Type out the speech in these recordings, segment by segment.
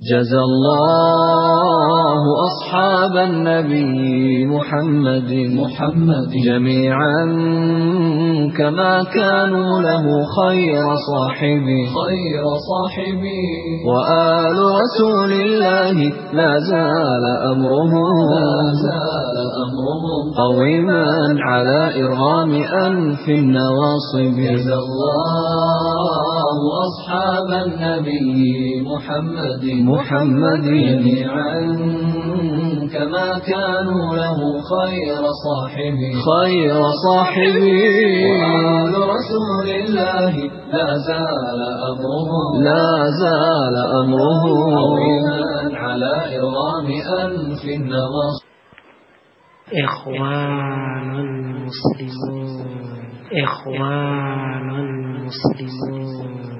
جزى الله أصحاب النبي محمد محمد جميعا كما كانوا له خير صاحبي خير صاحبي وآل رسول الله لا زال أمرهم لا زال قويما على إرغام أنف النواصب جزى الله أصحاب النبي محمد محمد جميعا كما كانوا له خير صاحبي خير صاحبي وآل رسول الله لا زال أمره لا زال أمره على إرغام أنف النظر إخوان المسلمون إخوان المسلمون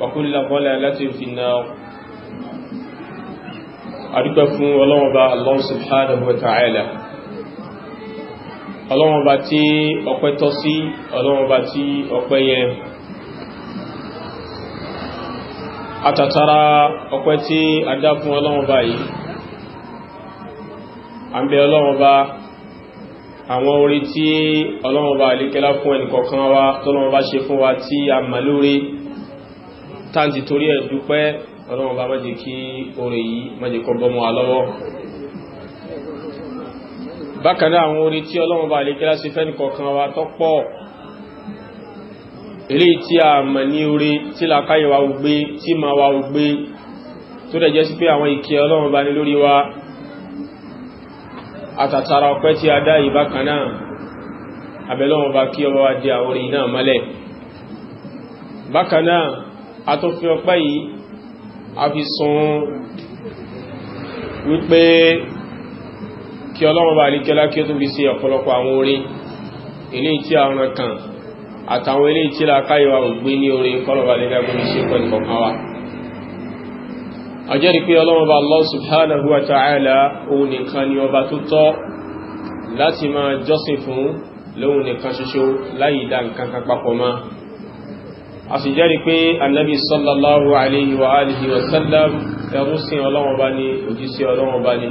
وكل ضلالة في النار adúpẹ́ fún ọlọ́wọ́ba Allah subhanahu wa ta'ala ọlọ́wọ́ba tí ọpẹ́ tọ́ sí ọlọ́wọ́ba tí ọpẹ́ yẹn àtàtàrà ọpẹ́ tí a dá fún ọlọ́wọ́ba yìí a ń bẹ ọlọ́wọ́ba àwọn orí tí ọlọ́wọ́ba àlékẹ́lá fún ẹnìkọ̀ọ̀kan wa tọ́lọ́wọ́ba ṣe fún wa tí a mà lórí táǹtì torí ẹ̀ dúpẹ́ ọlọ́run bá mọ́jẹ kí orin yìí mọ́jẹ kọ bọ́mọ́ alọ́wọ́ bákan náà àwọn orin tí ọlọ́run bá lè kílá sí fẹ́ni kọ̀ọ̀kan wa tọ́pọ̀ ilé tí a mọ̀ ní orin tí làkáyẹ̀ wa gbé tí ma wa gbé tó dẹ̀ jẹ́ sí pé àwọn ìkẹ́ ọlọ́run bá ní lórí wa àtàtàrà ọpẹ́ tí a dá yìí bákan náà bá kí ọba wa àtúnfi ọpẹ́ yìí a fi sun wípé kí ọlọ́run bá àríkẹ́lá kí ó tún fi ṣe ọ̀pọ̀lọpọ̀ àwọn orí ilé tí a ràn kàn àtàwọn ilé tí a káyíwa ògbé ní orí kọlọ̀bà lè gbogbo iṣẹ́ pẹ̀lú kọ̀kan wa àjẹ́rìí pé ọlọ́run bá Allah subhanahu wa ta'ala òun nìkan ni ọba tó tọ́ láti máa jọ́sìn fún lóhun nìkan ṣoṣo láì dá nǹkan kan papọ̀ máa a sì jẹ́rìí pé annabi sallallahu alaihi wa alihi wa sallam ẹrú sí ọlọ́wọ́ bá ní òjísí ọlọ́wọ́ bá ní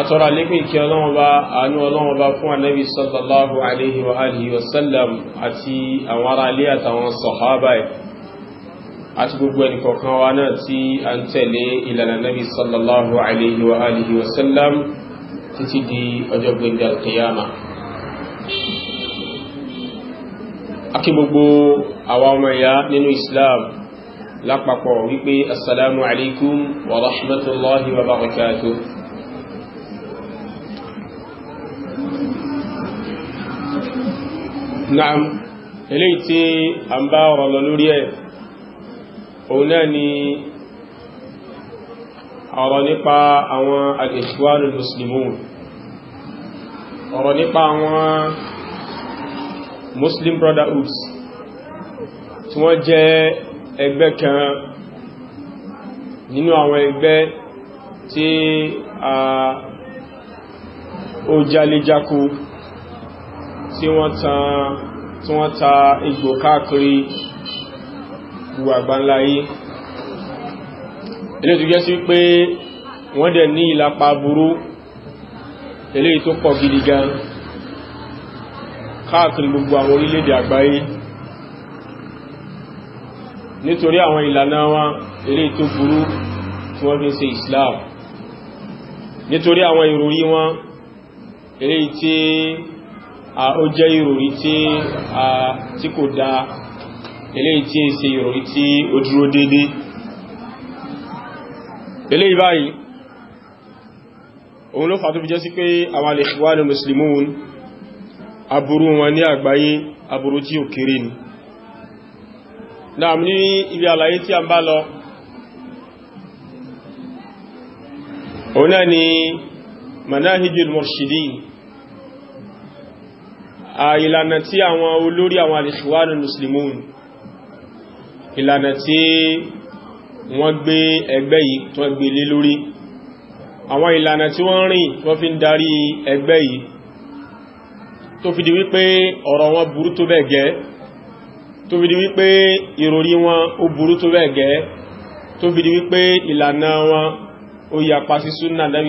àtọ́rọ alékún ìkẹ́ ọlọ́wọ́ bá àánú ọlọ́wọ́ bá fún annabi sallallahu alaihi wa alihi wa sallam àti àwọn ará alé àtàwọn sọ̀hábà àti gbogbo ẹnìkọ̀ọ̀kan wa náà tí a ń tẹ̀lé ìlànà nabi sallallahu alaihi wa alihi wa sallam títí di ọjọ́ gbẹ̀ndẹ̀ alkiyama. akí gbogbo àwa ọmọ ìyá nínú Islam lápapọ̀ wípé assalamu alaikum wa rahmatullahi wa barakatuh na'am eléyìí tí a ń bá ọ̀rọ̀ lọ lórí ẹ̀ òun náà ni ọ̀rọ̀ nípa àwọn al ọ̀rọ̀ nípa àwọn Muslim Brotherhood tí wọ́n jẹ́ ẹgbẹ́ kan nínú àwọn ẹgbẹ́ tí a ó jálẹ́jákú tí wọ́n ta igbó káàkiri gbogbo àgbáńlá yìí ilé tó jẹ́ sí pé wọ́n dẹ̀ ní ìlàpá burú eléyìí tó pọ̀ gidi gan-an káàkiri gbogbo àwọn orílẹ̀-èdè àgbáyé nítorí àwọn ìlànà wọn eré tó burú tí wọ́n fi ń ṣe Islam nítorí àwọn ìròrí wọn eré tí ó jẹ́ ìròrí tí kò dá eré tí ń ṣe ìròrí tí ó dúró dédé eré báyìí òun ló fà tó fi jẹ́ sí pé àwọn al-Ikhwanul Muslimun Aburu wọn ní àgbáyé aburú tí ó kéré ni náà ní ibi àlàyé tí a ń bá lọ òun náà ni manahijul murshidin ìlànà tí àwọn olórí àwọn al-Ikhwan ìlànà tí wọ́n gbé ẹgbẹ́ yìí tó gbé lé lórí àwọn ìlànà tí wọ́n rìn wọ́n fi ń darí ẹgbẹ́ yìí tó fi di wípé ọ̀rọ̀ wọn burú tó bẹ́ẹ̀ gẹ́ tó fi di wípé ìròrí wọn ó burú tó bẹ́ẹ̀ gẹ́ tó fi di wípé ìlànà wọn ó yapa sí súnà Nabi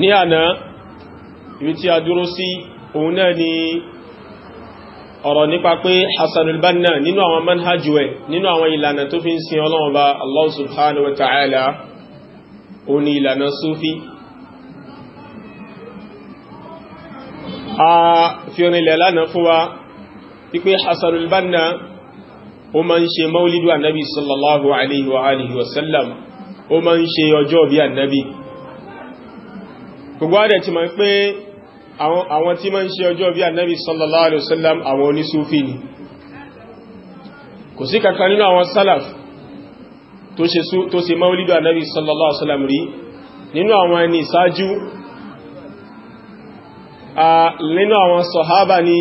ni àwọn nǹkan ni ọ̀rọ̀ nípa pé Hassan al-Banna nínú àwọn manhajwẹ̀ nínú àwọn ìlànà tó fi ń sin Ọlọ́run Ọba Allah subhanahu wa ta'ala ó ní ìlànà súfí a fi orinlẹ̀ lánàá fún wa wípé Hasanul Banna ó ma ń ṣe maulidu annabi sallallahu alaihi wa alihi wasallam ó ma ń ṣe ọjọ́ bí annabi gbogbo adẹ̀ ti ma ń pé àwọn tí ma ń ṣe ọjọ́ bí annabi sallallahu alaihi wasallam àwọn onísúfí ni kò sí kankan nínú àwọn salaf tó ṣe maulidu annabi sallallahu alaihi wasallam rí nínú àwọn ẹni ìsájú nínú àwọn sọ̀hábà ni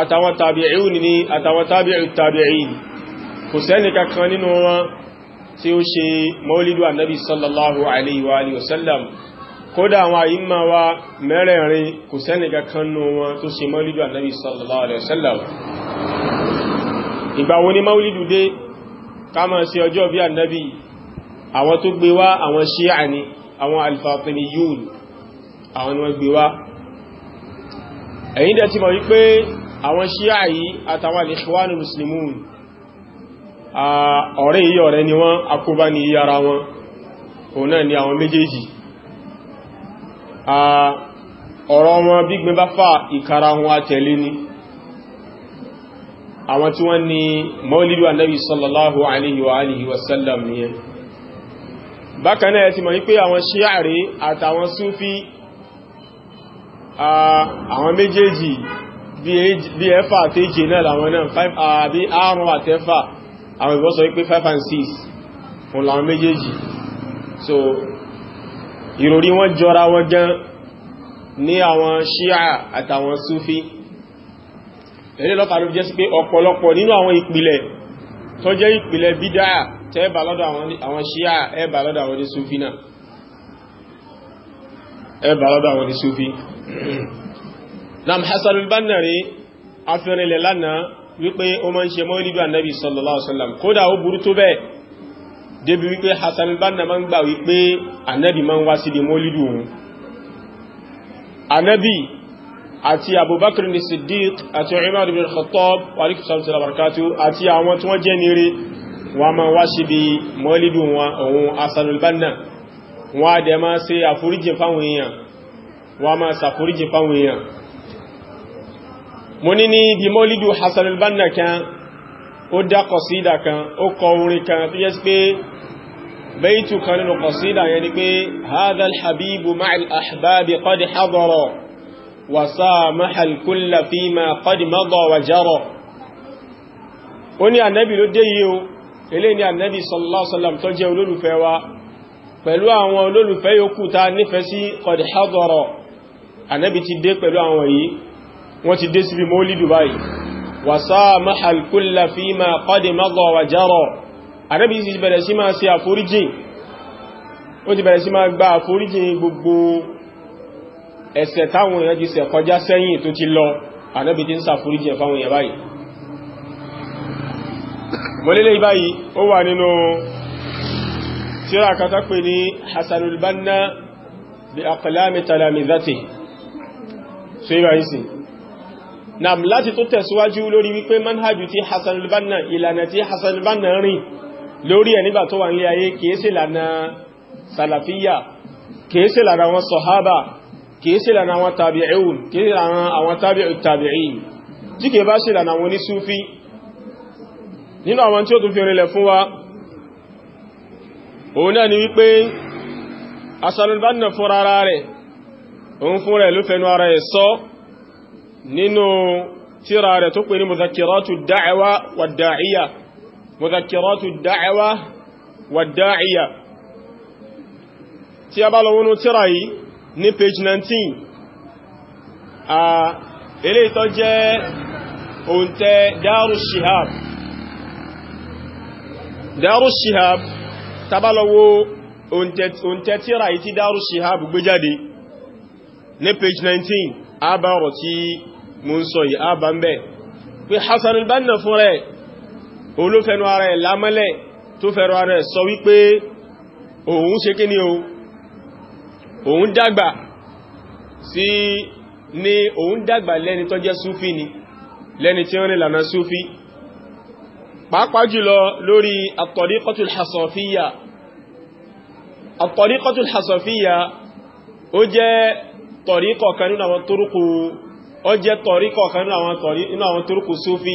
àtàwọn tàbí'un ni àtàwọn tàbí'u tàbí'in kò sẹ́ni kankan nínú wọn tí ó ṣe maulidu annabi sallallahu alaihi wasallam kódà àwọn àyíma wa mẹ́rẹ̀rin kò sẹ́ni kankan nínú wọn tó ṣe maulidu annabi sallallahu alaihi wasallam ìgbà ni maulidu dé kama ṣe ọjọ́ bí annabi àwọn tó gbé wá àwọn ṣíà ni àwọn al-Fatimiyun àwọn ni wọ́n gbé wá ẹ̀yin dẹ̀ ti mọ̀ wípé àwọn ṣíà yìí àtàwọn al-Ikhwanul Muslimun ọ̀rẹ́ yìí ọ̀rẹ́ ni wọ́n akóbá ní yára wọn òun náà ni àwọn méjèèjì ọ̀rọ̀ wọn bí gbẹ́ fà ìkara wọn àtẹ̀lé ni àwọn tí wọ́n ní maulidu annabi sallallahu alaihi wa alihi wasallam nìyẹn bákan náà ti mọ̀ wípé àwọn ṣíyàrí àtàwọn súfí ah, àwọn méjèèjì bí ẹfà àtẹ́jì náà làwọn náà àbí ah, àrùn àtẹ́fà àwọn ìbọ́sọ̀ wípé 5 and 6 fún làwọn méjèèjì so ìròrí wọn jọra wọn gan ní àwọn ṣíyà àtàwọn súfí eré lọ́pàá ló jẹ́ sí pé ọ̀pọ̀lọpọ̀ nínú àwọn ìpìlẹ̀ tó jẹ́ ìpìlẹ̀ bídáà tẹ́ bà lọ́dọ̀ àwọn ṣíà ẹ bà lọ́dọ̀ àwọn ní súfí náà ẹ bà lọ́dọ̀ àwọn ní súfí nam Hasan al-Banna rí afẹ́rinlẹ̀ lánàá wípé ó máa ń ṣe mọ́lídù ànábì sallallahu alaihi wasallam kódà ó burú tó bẹ́ẹ̀ débi wípé Hasan al-Banna máa ń gbà wípé ànábì máa ń wá sí di mọ́lídù òun ànábì àti abubakar ní siddiq àti umar ibn khattab wa alaykum salaam salaam barakatu àti àwọn tí wọ́n jẹ́ nire wọ́n ma wá sí bí mọ́lìdù wọn òun asanulbanna wọ́n a dẹ̀ máa ṣe àforíjìn fáwọn èèyàn wọ́n a máa ṣàforíjìn fáwọn èèyàn mo ní ní bí mọ́lìdù hasanulbanna kan ó وسامح الكل فيما قد مضى وجرى ó ní ànábì ló dé yìí o eléyìí ni ànábì sallallahu alaihi wasallam tó jẹ́ olólùfẹ́ wa pẹ̀lú àwọn olólùfẹ́ yòókù tá nífẹ̀ẹ́ sí qad hadara ànábì ti dé pẹ̀lú àwọn yìí wọ́n ẹ̀ṣẹ̀ táwọn èèyàn ti ṣẹ̀ kọjá sẹ́yìn tó ti lọ ànábì ti ń ṣàforíjì ẹ̀ fáwọn èèyàn báyìí mọ́lélẹ̀ báyìí ó wà nínú tíra kátá pé ní Hasanul Banna bí aqlami talamizati so ibà yìí láti tó tẹ̀síwájú lórí wípé manhajù ti Hasanul ìlànà tí Hasanul rìn lórí ẹ̀ nígbà tó wà nílé ayé kìí sí ìlànà sàlàfíyà kìí sí ìlànà wọn sọ̀hábà kìí sí lànà àwọn tàbí'un kìí lànà àwọn tàbí'u tàbí'in tí kìí bá sí lànà àwọn ní súfí nínú àwọn tí ó tún fi rinlẹ̀ fún wa òun náà ni wípé asalùbánà fún ara rẹ̀ òun fún rẹ̀ ló fẹnu ara ẹ̀ sọ nínú tíra rẹ̀ tó pè ní muzakiratu da'awa wa da'iya muzakiratu da'awa tí a bá lọ wọnú tíra yìí ní page 19 eléyìí tó jẹ́ òǹtẹ̀ Daru Shihab Daru Shihab tabalawo òǹtẹ̀ tíra yìí tí Daru Shihab gbé jáde ní page 19 àbárọ̀ tí mo ń sọ yìí àbá ń bẹ̀ pé Hassan al-Banna fún rẹ̀ olófẹ́nu ara ẹ̀ lámọ́lẹ̀ tó fẹ́rọ ara ẹ̀ sọ wípé òun ṣe kí ni o òun dàgbà sí ní òun dàgbà lẹ́ni tó jẹ́ súfí ni lẹ́ni tí ó ní lànà súfí pàápàá jùlọ lórí at-tariqatul hasafiyya at-tariqatul hasafiyya ó jẹ́ tọ̀ríkọ̀ kan nínú àwọn tórùkù ó jẹ́ tọ̀ríkọ̀ kan nínú àwọn tórùkù súfí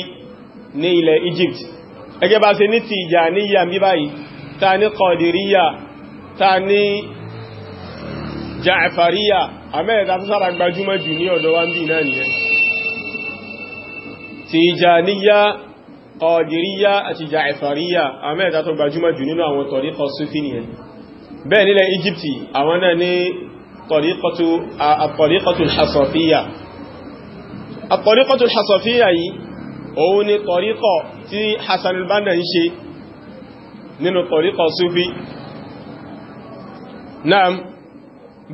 ní ilẹ̀ Egypt ẹgẹ́ bá ṣe ní ti Tijaniyya bí báyìí ta ní Qadiriyya ta ní Ja'fariya amẹ́ta tó sára gbajúmọ̀ jù ní ọ̀dọ̀ wa ń bí náà nìyẹn Tijaniya Qadiriyya àti Ja'fariya amẹ́ta tó gbajúmọ̀ jù nínú àwọn tọ̀ríkọ Sufi nìyẹn bẹ́ẹ̀ nílẹ̀ Íjíptì àwọn náà ní tọ̀ríkọtul Hasafiyya tọ̀ríkọtul Hasafiyya yìí òun ni tọ̀ríkọ tí Hassan al-Banna ń ṣe nínú tọ̀ríkọ Sufi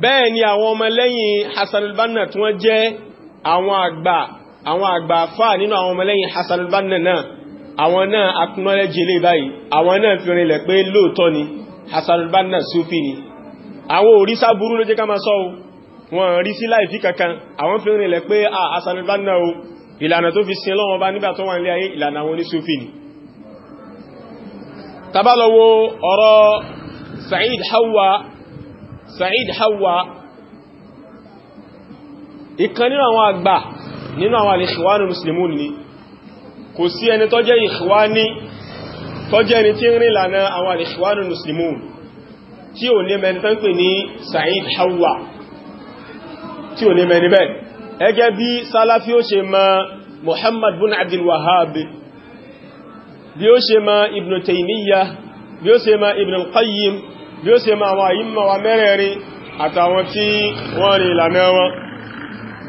bẹ́ẹ̀ ni àwọn ọmọ lẹ́yìn Hassan al-Banna tí wọ́n jẹ́ àwọn àgbà àwọn àgbà fà nínú àwọn ọmọ lẹ́yìn Hassan al-Banna náà àwọn náà akúnmọ́lẹ́jì ilé báyìí àwọn náà fi rinlẹ̀ pé lóòtọ́ ni Hassan al-Banna Sufi ni àwọn òrìṣà burú ló jẹ́ ká máa sọ o wọn rí sí láìfí kankan àwọn fi rinlẹ̀ pé a o ìlànà tó fi sin lọ́wọ́n bá nígbà tó wà nílé ayé ìlànà àwọn oníṣúfì ni tá ọ̀rọ̀ Sa'id Hawa Sa'id Hawa ìkan nínú àwọn àgbà nínú àwọn al-Ikhwan al-Muslimun ni kò sí ẹni tó jẹ́ Ikhwani tó jẹ́ ẹni tí ń rìn lànà àwọn al-Ikhwan al-Muslimun tí ò ní mẹni tó ń pè ní Sa'id Hawa tí ò ní mẹni bẹ́ẹ̀ ẹgẹ́ bí Salafi ó ṣe ma Muhammad bin Abdul Wahhab bí ó ṣe ma Ibn Taymiyyah bí ó ṣe ma Ibn qayyim bí ó ṣe máa wà ìmọ̀ wa mẹ́rẹ̀ẹ̀rin àtàwọn tí wọ́n rí ìlànà wọn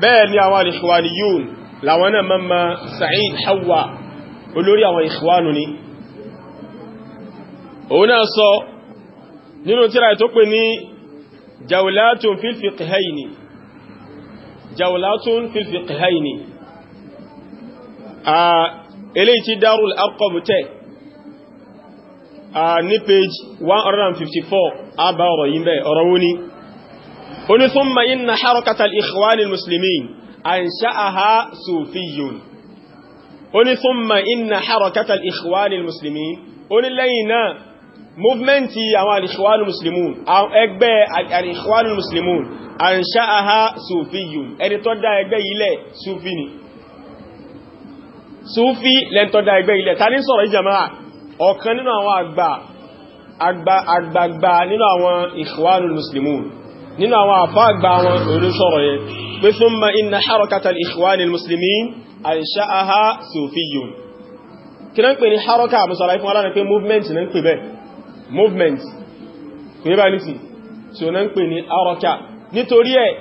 bẹ́ẹ̀ ni àwọn al-Ikhwaniyun láwọn náà mọ́mọ́ Sa'id Hawa olórí àwọn Ikhwanu ni òun náà sọ nínú tíra tó pè ní jawlatun fil fiqhayni eléyìí tí Darul Arqam ní page 154 àbá ọ̀rọ̀ yìí bẹ́ ọ̀rọ̀ wó ní oní thumma inna harakata al-ikhwan al-muslimin ansha'aha sufiyyun oní thumma inna harakata al-ikhwan al-muslimin oní lẹ́yìn náà movement àwọn al-ikhwan al-muslimun ẹgbẹ́ al-ikhwan al-muslimun ansha'aha sufiyyun ẹni tó dá ẹgbẹ́ yìí lẹ̀ ni sufi lẹ́ntọ́ dá ẹgbẹ́ yìí ta ní sọ̀rọ̀ ìjàmáà ọ̀kan nínú àwọn àgbà àgbàgbà nínú àwọn ikhwanul muslimun nínú àwọn àfá àgbà wọn olóṣọ́rọ̀ yẹn pé thumma inna harakatal ikhwanil muslimin ansha'aha sufiyyun kí náà ń pè ní haraka àmúsọ̀rọ̀ ìfún aláàrin pé movement náà ń pè bẹ́ẹ̀ movement kò yíba ní sí tí ó náà ń pè ní haraka nítorí ẹ̀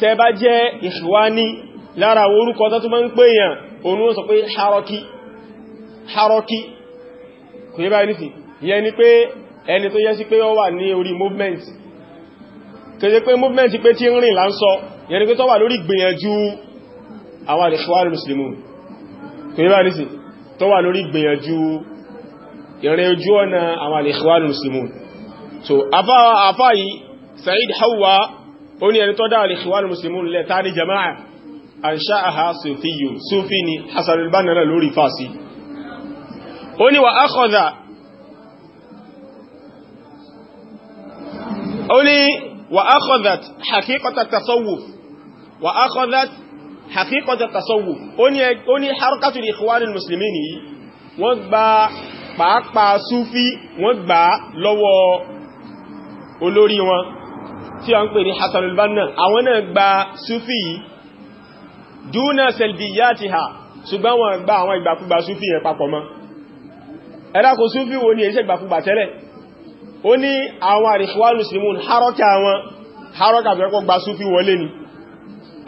tẹ bá jẹ́ ikhwani lára orúkọ tó tó máa ń pè yàn òun ó sọ pé haraki haraki kò yẹ báyìí nìsìn ìyẹn ni pé ẹni tó yẹ sí pé ó wà ní orí movement kèsè pé movement pé tí ń rìn là ń sọ ìyẹn ni pé tó wà lórí gbìyànjú àwọn àdìṣọ́wàrí mùsùlùmù kò yẹ báyìí nìsìn tó wà lórí gbìyànjú ìrìn ojú ọ̀nà àwọn àdìṣọ́wàrí mùsùlùmù so afá yìí Sa'id Hawa ó ní ẹni tó dá àdìṣọ́wàrí mùsùlùmù lẹ́ta ní jama'a àṣà àhà Sufi Sufi ni Hasan al-Banna lórí fásitì ó ní wà ákọ̀dà ó ní wà ákọ̀dà hakíkọta tasawuf wà ákọ̀dà hakíkọta tasawuf ó ní harkatu ní ikhwanul muslimin ni wọ́n gba pàápàá súfí wọ́n gba lọ́wọ́ olórí wọn tí a ń pè ní Hassan al-Banna àwọn náà gba súfí dúnà sẹ̀lbìyàtì ha ṣùgbọ́n wọ́n gba àwọn ìgbàkúgbà súfí yẹn papọ̀ mọ́ ẹ̀dàkò súnfí wo ni èṣẹ́ ìgbàkúgbà tẹ́lẹ̀ ó ní àwọn àrífíwánù símún harọ́kà wọn harọ́kà fẹ́kọ́ gba súnfí wọlé ni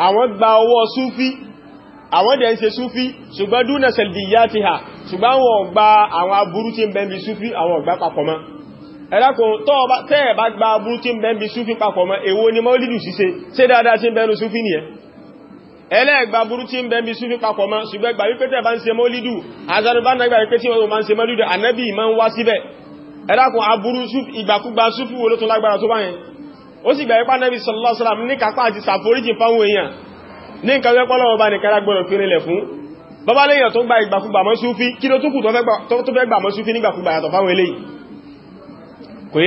àwọn gba ọwọ́ súnfí àwọn dẹ̀ ń ṣe súnfí ṣùgbọ́n dúnà sẹ̀lbìyà ti hà ṣùgbọ́n wọn gba àwọn aburú tí ń bẹ́m̀bí súnfí àwọn ọ̀gbá papọ̀ mọ́ ẹ̀dàkò tẹ́ẹ̀ bá gba aburú tí ń bẹ́m̀bí ni ẹlẹ́gbà burú tí ń bẹ bí súnfí papọ̀ mọ́ ṣùgbẹ́ gbà wípé tẹ́ bá ń ṣe mọ́lídù azarubana gbà wípé tí wọ́n ma ń ṣe mọ́lídù ànẹ́bì ma ń wá síbẹ̀ ẹ̀dàkùn aburú ìgbàkúgbà súnfí wo ló tún lágbára tó báyẹn ó sì gbà wípé ànẹ́bì sallallahu alaihi wasallam ní kápá àti ṣàforíjì fáwọn èèyàn ní nǹkan wípé ọlọ́wọ́ bá ní kára gbọ́dọ̀ fi rinlẹ̀ fún bàbá lẹ́yìn tó gba ìgbàkúgbà mọ́ súnfí kí ló tún kù tó fẹ́ gbà mọ́ súnfí nígbàkúgbà yàtọ̀ fáwọn eléyìí kò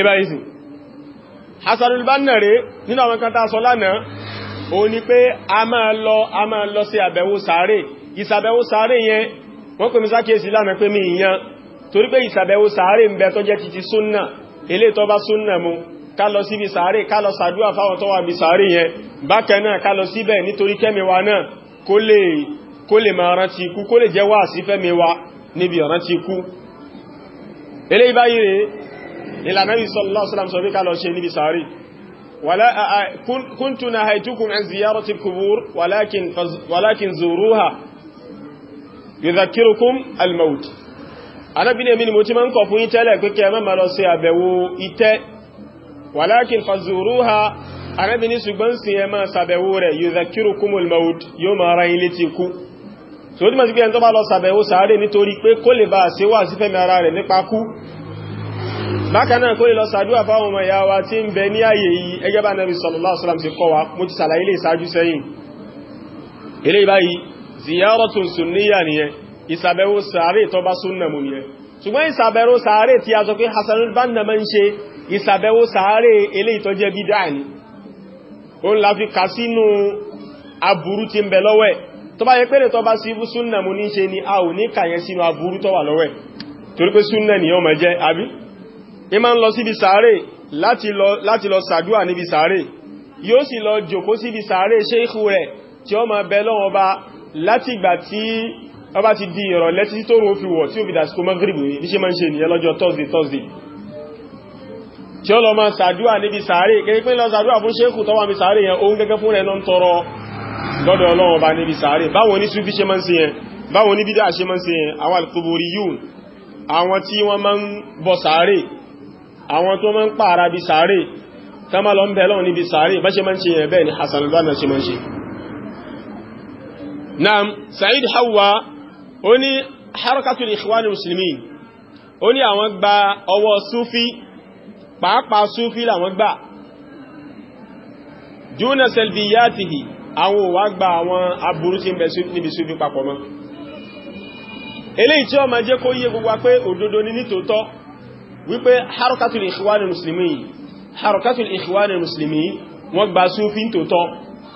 hasanul banna rèé nínú àwọn kan tá a sọ ó ní pé a máa lọ a máa lọ sí àbẹ̀wò sàárè ìsàbẹ̀wò sàárè yẹn wọ́n pè mí sákèsí lánàá pé mi ìyàn torí pé ìsàbẹ̀wò sàárè ń bẹ tó jẹ́ títí súnnà ilé tó bá súnnà mu ká lọ síbi sàárè ká lọ sàdúà fáwọn tó wà bí sàárè yẹn bákan náà ká níbi sàárè ولا كنت نهيتكم عن زيارة القبور ولكن ولكن زوروها يذكركم الموت أنا بني من موت من كفو يتلا كيما ما مرسي أبو إت ولكن فزوروها أنا بني سبحان سيما سبورة يذكركم الموت يوم رأيلتكم سودما سبحان الله سبورة سارة نتوري كل باسي واسفة مرارة نبقى bákanáà kó lè lọ sàdúwà fáwọn ọmọ ìyá wa tí ń bẹ ní ààyè yìí ẹgẹ́ bá Nabi sallallahu alaihi wasallam ti kọ́ wa mo ti sàlàyé lè sáájú sẹ́yìn ilé ìbáyìí ziyaratun sunniya nìyẹn ìsàbẹ̀wò sàárè tó bá súnnà mú nìyẹn ṣùgbọ́n ìsàbẹ̀wò sàárè tí a sọ pé Hasanul Banna máa ń ṣe ìsàbẹ̀wò sàárè ilé ìtọ́jẹ́ ni ó ń la fi kà sínú ni a ò ní ní ma ń lọ síbi sàárè láti lọ sàdúà níbi sàárè yóò sì lọ jòkó síbi sàárè ṣéìkù rẹ̀ tí ó ma bẹ lọ́wọ́ bá láti ìgbà tí ó bá ti di ìrọ̀lẹ́ tí tó rò fi wọ̀ tí ó fi dàsìkò mọ́gírìbù ní ṣe ma ń ṣe nìyẹn lọ́jọ́ Thursday Thursday tí ó lọ ma sàdúà níbi sàárè kéré pé lọ sàdúà fún ṣéìkù tó wà níbi sàárè yẹn òun ní ṣe ma ń ṣe ní bídá ṣe àwọn tó máa ń pààrà bí sàárè tán máa lọ ń bẹ̀lọ́ níbi sàárè bá ṣe máa ń ṣe yẹn bẹ́ẹ̀ ni Hassan al-Banna ṣe máa ń ṣe naam Said Hawa ó ní harakatul ikhwan muslimin ó ní àwọn gba ọwọ́ súfí pàápàá súfí làwọn gbà juna salbiyatihi àwọn òwà gba àwọn aburú tí ń níbi súfí papọ̀ mọ́ eléyìí tí ó jẹ́ kó yé gbogbo pé òdodo ni nítòótọ́ wípé harkatul ikhwanul muslimi harkatul ikhwanul muslimi wọ́n gba súnfín tòótọ́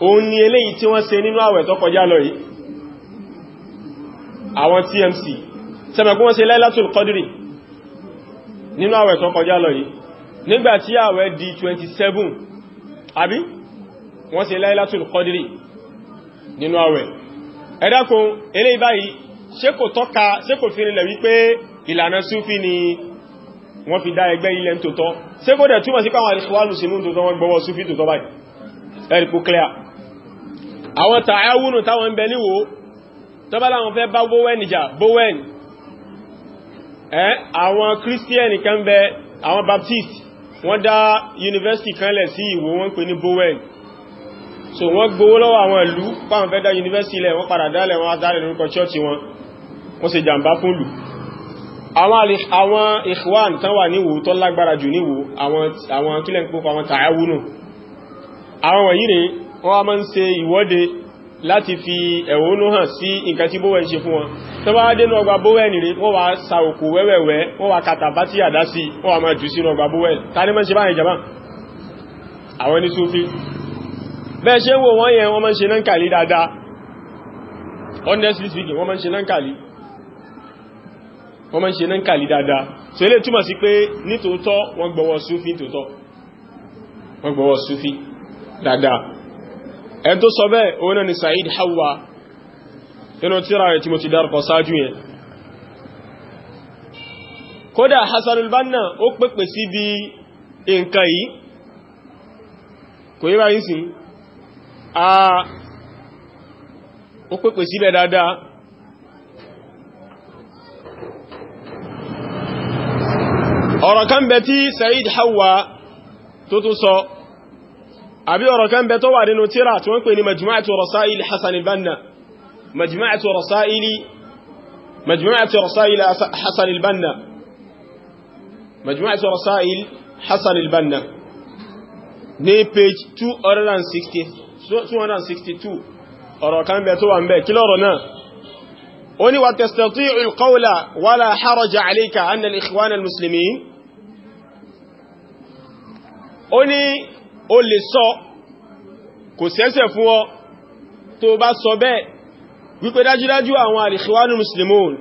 òun ni eléyìí tí wọ́n ṣe nínú àwẹ̀ tó kọjá lọ yìí àwọn tmc sẹ́mẹ̀kú wọ́n ṣe lailatul qadri nínú àwẹ̀ tó kọjá lọ yìí nígbàtí àwẹ̀ di 27 àbí wọ́n ṣe lailatul qadri nínú àwẹ̀ ẹ̀dàkùn eléyìí báyìí ṣé kò tọ́ka ṣé kò fi wọ́n fi dá ẹgbẹ́ ilẹ̀ ń tòótọ́ ṣé kó dẹ̀ túmọ̀ sí pé àwọn àríṣìwálù sí mú tòótọ́ wọ́n gbọ́wọ́ súfí tòótọ́ báyìí ẹ̀rì kó clear àwọn tààwùnù táwọn ń bẹ níwò tọ́bálà wọn fẹ́ bá bowen jà bowen ẹ́ àwọn kírísítíẹ̀nì kan bẹ àwọn baptist wọ́n dá yunifásitì kan lẹ̀ sí ìwò wọ́n pè ní bowen so wọ́n gbowó lọ́wọ́ àwọn ìlú pàwọn fẹ́ dá yunifásitì lẹ̀ wọ́n padà dálẹ̀ wọ́n adálẹ̀ lórúkọ chọ́ọ̀chì wọn wọ́n ṣe jàǹbá fún lù àwọn ikhwan tán wà níwò tó lágbára jù níwò àwọn kílẹ̀ ń púpọ̀ àwọn tààwúnù àwọn wọ̀nyí rẹ̀ wọ́n a máa ń ṣe ìwọ́de láti fi ẹ̀hónú hàn sí nǹkan tí bówẹ̀ ń ṣe fún wọn tó bá dénú ọgbà bówẹ̀ nìrí wọ́n wá sa òkú wẹ́wẹ̀wẹ́ wọ́n wá kàtàbá tí àdá sí wọ́n wá máa jù sínú ọgbà bówẹ̀ ta wọ́n máa ń ṣe náà kàlì dáadáa so ilé túmọ̀ sí pé nítòótọ́ wọ́n gbọ́wọ́ súfí nítòótọ́ wọ́n gbọ́wọ́ súfí dáadáa ẹn tó sọ bẹ́ẹ̀ òun náà ni Said Hawa inú tíra rẹ̀ tí mo ti dárúkọ sáájú yẹn kódà Hassan al-Banna ó pèpè sí bí nǹkan yìí kò yí báyìí sí ó pèpè sílẹ̀ dáadáa ọ̀rọ̀ kan bẹ tí Said Hawa tó tún sọ àbí ọ̀rọ̀ kan bẹ tó wà nínú tíra tí wọ́n pè ní majmu'atu rọ̀sáìlì hassan ilbanna banna rọ̀sáìlì rasail majmu'atu rasail Hasan al-Banna majmu'atu rasail ní page 262 ọ̀rọ̀ kan bẹ tó wà ń bẹ kí lọ́rọ̀ náà وني وتستطيع القول ولا حرج عليك أن الإخوان المسلمين ó ní o lè sọ kò sẹ́sẹ̀ fún ọ tó bá sọ bẹ́ẹ̀ wípé dájúdájú àwọn al-Ikhwanu Muslimun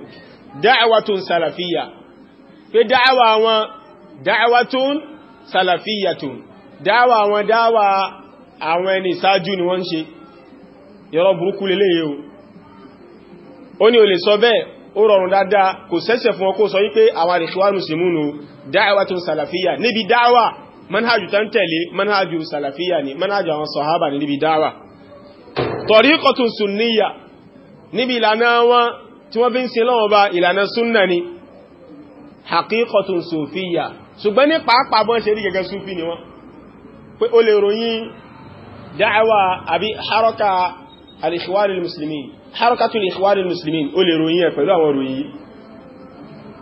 da'watun salafiyya pé dáwà wọn da'watun salafiyyatun dáwà wọn dáwà àwọn ẹni ìsáájú ni wọ́n ń ṣe yọ́rọ̀ burúkú lélẹ́yẹ o ó ní o lè manhajù tán tẹ̀lé manhajù sàlàfíyà ni manhajù àwọn sọ̀hábà ní níbi dáwà tọ̀ríkọ̀tún sunniya níbi ìlànà wọn tí wọ́n bí ń ṣe lọ́wọ́ bá ìlànà súnnà ni hakíkọ̀tún sòfíyà ṣùgbọ́n ní pàápàá bọ́n ṣe rí gẹ́gẹ́ súfí ni wọ́n pé o lè ròyìn dáwà àbí haraka al-ikhwanil muslimin harakatul ikhwanil muslimin o lè ròyìn ẹ̀ pẹ̀lú àwọn ròyìn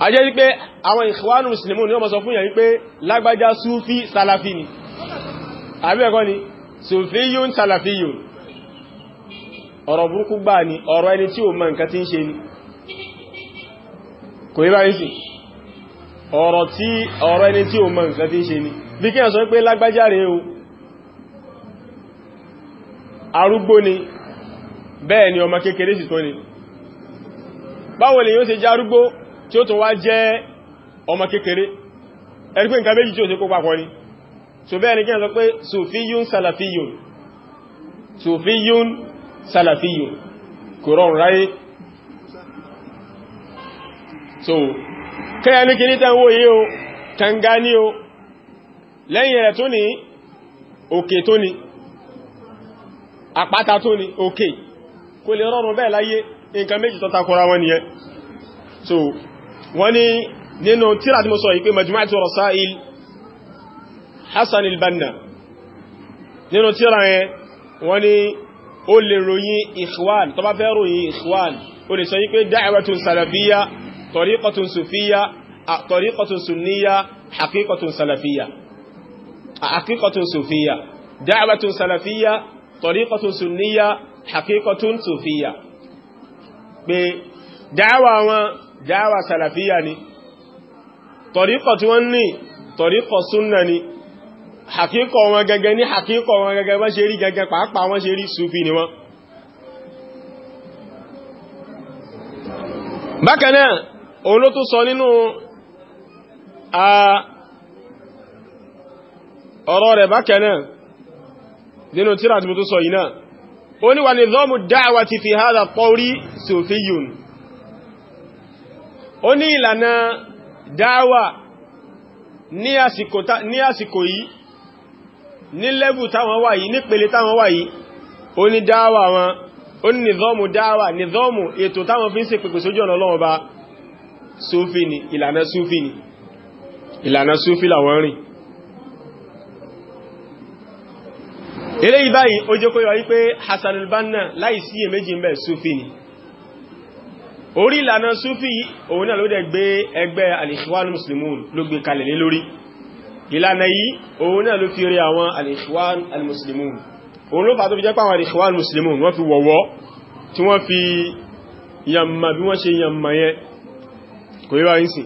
a jẹ́ wípé àwọn ìkwánù muslimun ni wọ́n sọ fún yà wípé lágbájá súfí sàlàfí ni àbí ẹ̀kọ́ ni sùfíyún sàlàfíyún ọ̀rọ̀ burúkú gbà ní ọ̀rọ̀ ẹni tí ó mọ nǹkan tí ń ṣe ni kò yíba yìí sí ọ̀rọ̀ tí ọ̀rọ̀ ẹni tí ó mọ nǹkan tí ń ṣe ni bí kí báwo lè yóò ṣe jẹ́ tí ó tó wá jẹ́ ọmọ kékeré ẹ̀rí pé nǹkan méjì tí ó ti kó papọ̀ ni so bẹ́ẹ̀ ni kí n sọ pé sufiyun salafiyun sufiyun salafiyun kò rọrùn ráyé so kẹ́yà ní kí ní tẹ́wọ́ yí o kànga ní o lẹ́yìn rẹ̀ tó ní òkè tó ní àpáta tó ní òkè kò lè rọrùn bẹ́ẹ̀ láyé nǹkan méjì tó wọn nìyẹn so wọ́n ní nínú tíra tí mo sọ yìí pé majmu'atu rasail Hassan al-Banna nínú tíra yẹn wọ́n ní ó lè ròyìn ikhwan tó bá fẹ́ ròyìn ikhwan ó lè sọ yí pé da'watun salafiyya tariqatun sufiyya tariqatun sunniyya haqiqatun salafiyya haqiqatun sufiyya pé dáwà wọn dáwà sàlàfíyà ni tọ̀ríkọ̀ tí wọ́n ní tọ̀ríkọ̀ súnnà ni hakíkọ̀ wọn gẹ́gẹ́ ní hakíkọ̀ wọn gẹ́gẹ́ wọ́n ṣe rí gẹ́gẹ́ pàápàá wọ́n ṣe rí súfì ni wọ́n bákanáà òun ló tún sọ nínú ọ̀rọ̀ rẹ̀ bákanáà nínú tí ó ní ìlànà dáwà ní àsìkò yìí ní lẹ́bù táwọn wà yìí nípele táwọn wà yìí ó ní dáwà wọn ó ní nìzọ́mù dáwà nìzọ́mù ètò táwọn fi ń ṣe pèpè sójú ọ̀nà Ọlọ́run bá súfì ni ìlànà súfì ni ìlànà súfì làwọn rìn eléyìí báyìí ó jẹ́ kó yọ wípé Hassan al-Banna láìsí èméjì ń bẹ orí ìlànà súfì òun náà ló dẹ̀ gbé ẹgbẹ́ al-Ikhwan muslimun ló gbé kalẹ̀ lé lórí ìlànà yìí òun náà ló fi rí àwọn al-Ikhwan muslimun òun ló fà tó fi jẹ́ pàwọn al-Ikhwan muslimun wọ́n fi wọ̀wọ́ tí wọ́n fi yàmà bí wọ́n ṣe yàmà yẹn kò yíra yìí sí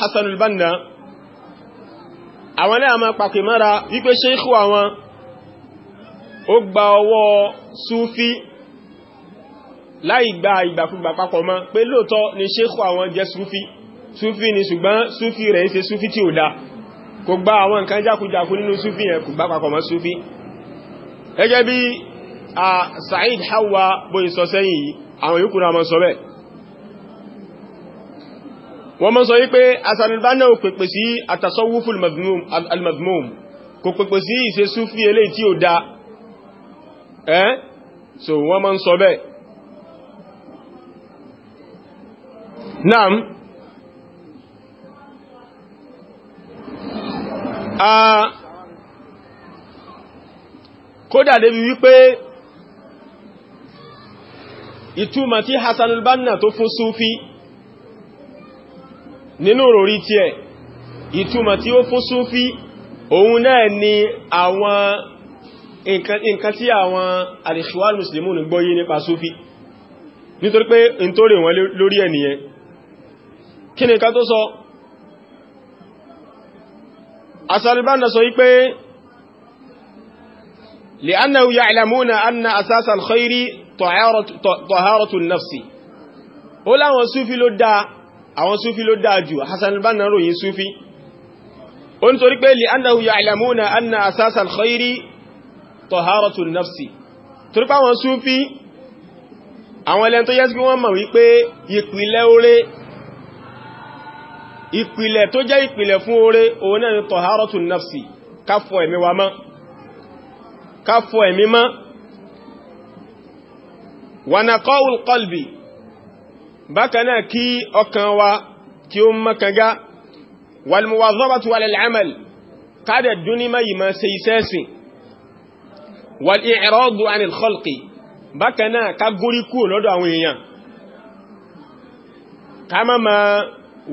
Hassan al-Banna àwọn náà máa pàpè mára wípé ṣe ikú súfí láì gba ìgbàkúgbà papọ̀ mọ́ pé lóòtọ́ ni ṣékù àwọn jẹ́ súfí súfí ni ṣùgbọ́n súfí rẹ̀ ń ṣe súfí tí ò dá kò gba àwọn nǹkan jákújákú nínú súfí yẹn kò gbá papọ̀ mọ́ súfí gẹ́gẹ́ bí a Said Hawa bóyí sọ sẹ́yìn yìí àwọn yòókù náà mọ́ sọ bẹ́ẹ̀ wọ́n mọ́ sọ wípé asanibana ò pèpè sí atasọ́wúfù kò pèpè so wọ́n naam a kódà débi wípé ìtumọ̀ tí Hassan al-Banna tó fún Súfí nínú òròrí tí ẹ̀ ìtumọ̀ tí ó fún Súfí òun náà ni àwọn nǹkan tí àwọn al-Ikhwan al-Muslimun gbọ́yé nípa Súfí nítorí pé ń tó rè wọn lórí ẹniyẹn kí ni ká tó sọ asalibanna sọ wípé li'annahu ya'lamuna anna asasa al-khayri taharatun nafsi ó láwọn súfí ló dáa àwọn súfí ló dáa jù hasalibanna ròyìn súfí ó nítorí pé li'annahu ya'lamuna anna asasa al-khayri taharatun nafsi torípa àwọn súfí àwọn ẹlẹ́n tó yẹ́ sí wọ́n mọ̀ wípé ìpìlẹ̀ orí ìpìlẹ̀ tó jẹ́ ìpìlẹ̀ fún oore òun náà ni tọ̀hárọ̀tún nafsi káfọ ẹ̀mí wa mọ́ káfọ ẹ̀mí mọ́ wànàkọ́wùl kọlbì bákanáà kí ọkàn wa kí ó mọ́kànga wàlmùwàzọ́bàtù wàlẹ̀lẹ́mẹ̀l kádẹ̀ dúnímọ̀ yìí máa ṣe iṣẹ́sìn wàlì'ẹ̀rọ́dù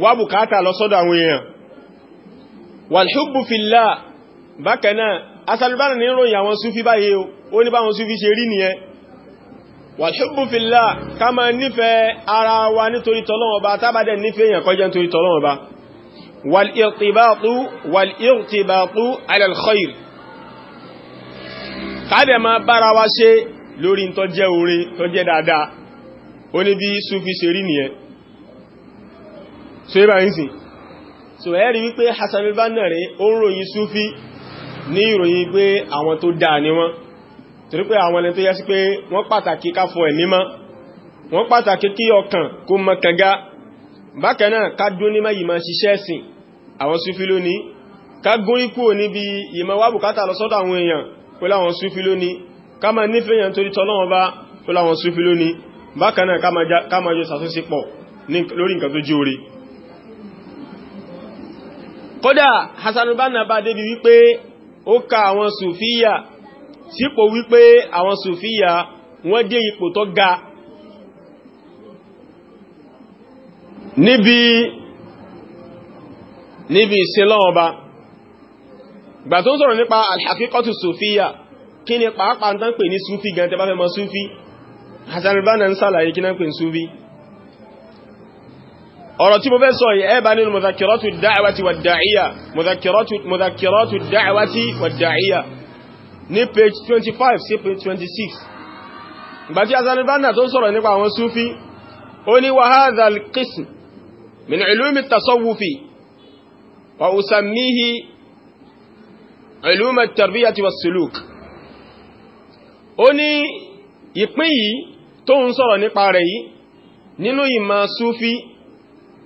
wá bùkátà lọ sọ́dọ̀ àwọn èèyàn wàlhùbù fìlá bákanáà asalubára ní ròyìn àwọn súfí báyìí ó ní báwọn súfí ṣe rí nìyẹn wàlhùbù fìlá ká máa nífẹ̀ẹ́ ara wa nítorí tọ́lọ́wọ́ bá tábàdẹ̀ nífẹ̀ẹ́ èèyàn kọjá nítorí tọ́lọ́wọ́ bá wàlìrtìbàtú wàlìrtìbàtú ala alkhair so yíba yìí sí so ẹ̀rí wípé Hasan al-Banna rẹ̀ ó ń ròyìn súfí ní ìròyìn pé àwọn tó dáa ni wọ́n torí pé àwọn ẹni tó yẹ sí pé wọ́n pàtàkì káfọ ẹ̀ mímọ́ wọ́n pàtàkì kí ọkàn kó mọ kànga bákan náà ká dún ní máyìí máa ṣiṣẹ́ ẹ̀sìn àwọn súfí lónìí ká gúnrí kúrò níbi ìmọ̀ wá bùkátà lọ sọ́dọ̀ àwọn èèyàn pẹ̀lú àwọn súfí lónìí ká máa nífẹ̀ẹ́ èèyàn torí tọ́lọ́wọ́n bá pẹ̀lú àwọn súfí lónìí bákan ká máa jọ ṣàtúnṣe pọ̀ lórí nǹkan tó jí orí kódà Hassan al-Banna bá débi wípé ó ka àwọn sùfíyà sípò wípé àwọn sùfíyà wọ́n dé ipò tó ga níbi níbi ìsinlọ́ọba gbà tó ń sọ̀rọ̀ nípa al-haqiqatu sùfíyà kí ni pàápàá tán pè ní súfí gan tẹ́bá fẹ́ mọ̀ Hassan al-Banna ń sàlàyé kí náà pè ní súfí ọ̀rọ̀ tí mo fẹ́ sọ yìí ẹ̀bá nínú mọ̀zàkìrọ́tù dáàwàtí wà dáàíyà mọ̀zàkìrọ́tù dáàwàtí wà ní page 25 sí page 26 ìgbàtí azanibanna tó sọ̀rọ̀ nípa àwọn súfí ó ní wàhádàl qism min ilúmi tasawufi wa usammihi ilúmi tarbiyyati wa suluk ó ní ìpín nínú ìmọ̀ súfí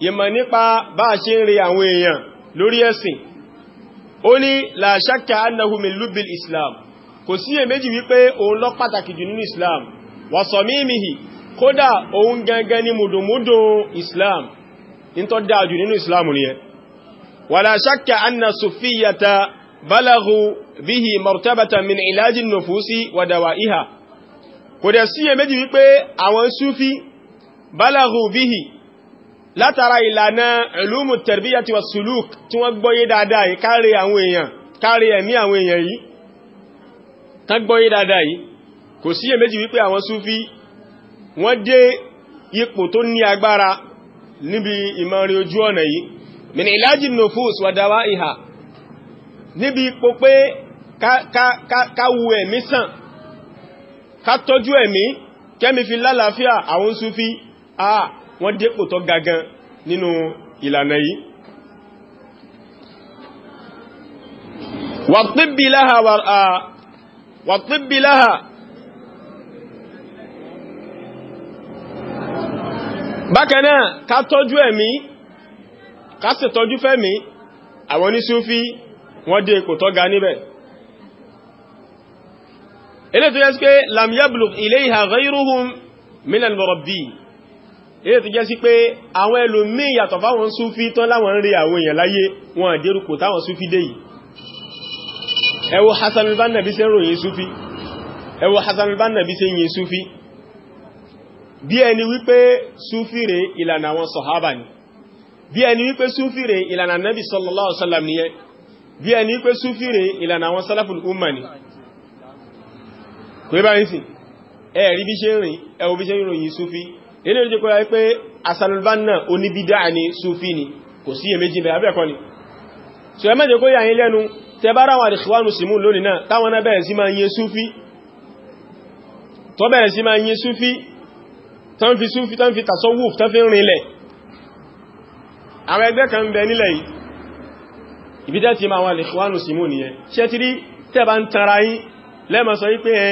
ìmọ̀ nípa bá ṣe ń rí àwọn èèyàn lórí ẹ̀sìn ó ní la shakka annahu min lubbil islam kò sí èméjì wípé òun lọ pàtàkì jù nínú islam wa samimihi kódà òun gangan ni mùdùmúdù islam in tó dáa jù nínú islam nìyẹn wa látara ìlànà ìlúmù tẹ̀rbíyà ti wà sùlúk tí wọ́n gbọ́yé dáadáa yìí kárí àwọn èèyàn kárí ẹ̀mí àwọn èèyàn yìí tán gbọ́yé dáadáa yìí kò sí èméjì wípé àwọn súfí wọ́n dé ipò tó ní agbára níbi ìmọ̀rin ojú ọ̀nà yìí min ìlàjì nufus wà dáwà ìhà níbi ipò pé káwu ẹ̀mí sàn ká tọ́jú ẹ̀mí kẹ́mi fi lálàáfíà àwọn súfí wọ́n dépò tó gagan nínú ìlànà yìí wàtíbì láha bákanáà ká tọ́jú ẹ̀mí ká sì tọ́jú fẹ́mí àwọn ní Súfí wọ́n dé ipò tó ga níbẹ̀ ilé tó yẹ́ sí pé lam yablugh ilayha ghayruhum min al-murabbi èyí tó jẹ́ sí pé àwọn ẹlòmí yàtọ̀ fáwọn súfí tán láwọn ń rí àwọn èèyàn láyé wọn àdérùkù táwọn súfí dé yìí ẹ wo Hassan al-Banna bí ròyìn súfí ẹ wo Hassan al-Banna bí ṣe ń yin súfí bí ẹni wípé súfí rẹ̀ ìlànà àwọn sọ̀hábà ni bí ẹni wípé súfí rẹ̀ ìlànà nabi sallallahu alaihi wasallam ni bí ẹni wípé súfí rẹ̀ ìlànà àwọn salaful umma ni kò ẹ ṣe ń rìn ẹ bí ṣe ń ròyìn súfí ilé ìjẹ́ kọ́ ya pé asalbanna oníbídá ni sufi ni kò sí èméjì bẹ̀ abẹ́ẹ̀kọ́ ni so ẹ mẹ́jẹ́ kó yà yín lẹ́nu tẹ bá ráwọn àdìsíwánu símú lónìí náà táwọn náà bẹ̀rẹ̀ sí máa yẹ sufi tó bẹ̀rẹ̀ sí máa yẹ sufi tán fi sufi tán fi tasawuf tán fi rinlẹ̀ àwọn ẹgbẹ́ kan bẹ nílẹ̀ yìí ibi tẹ́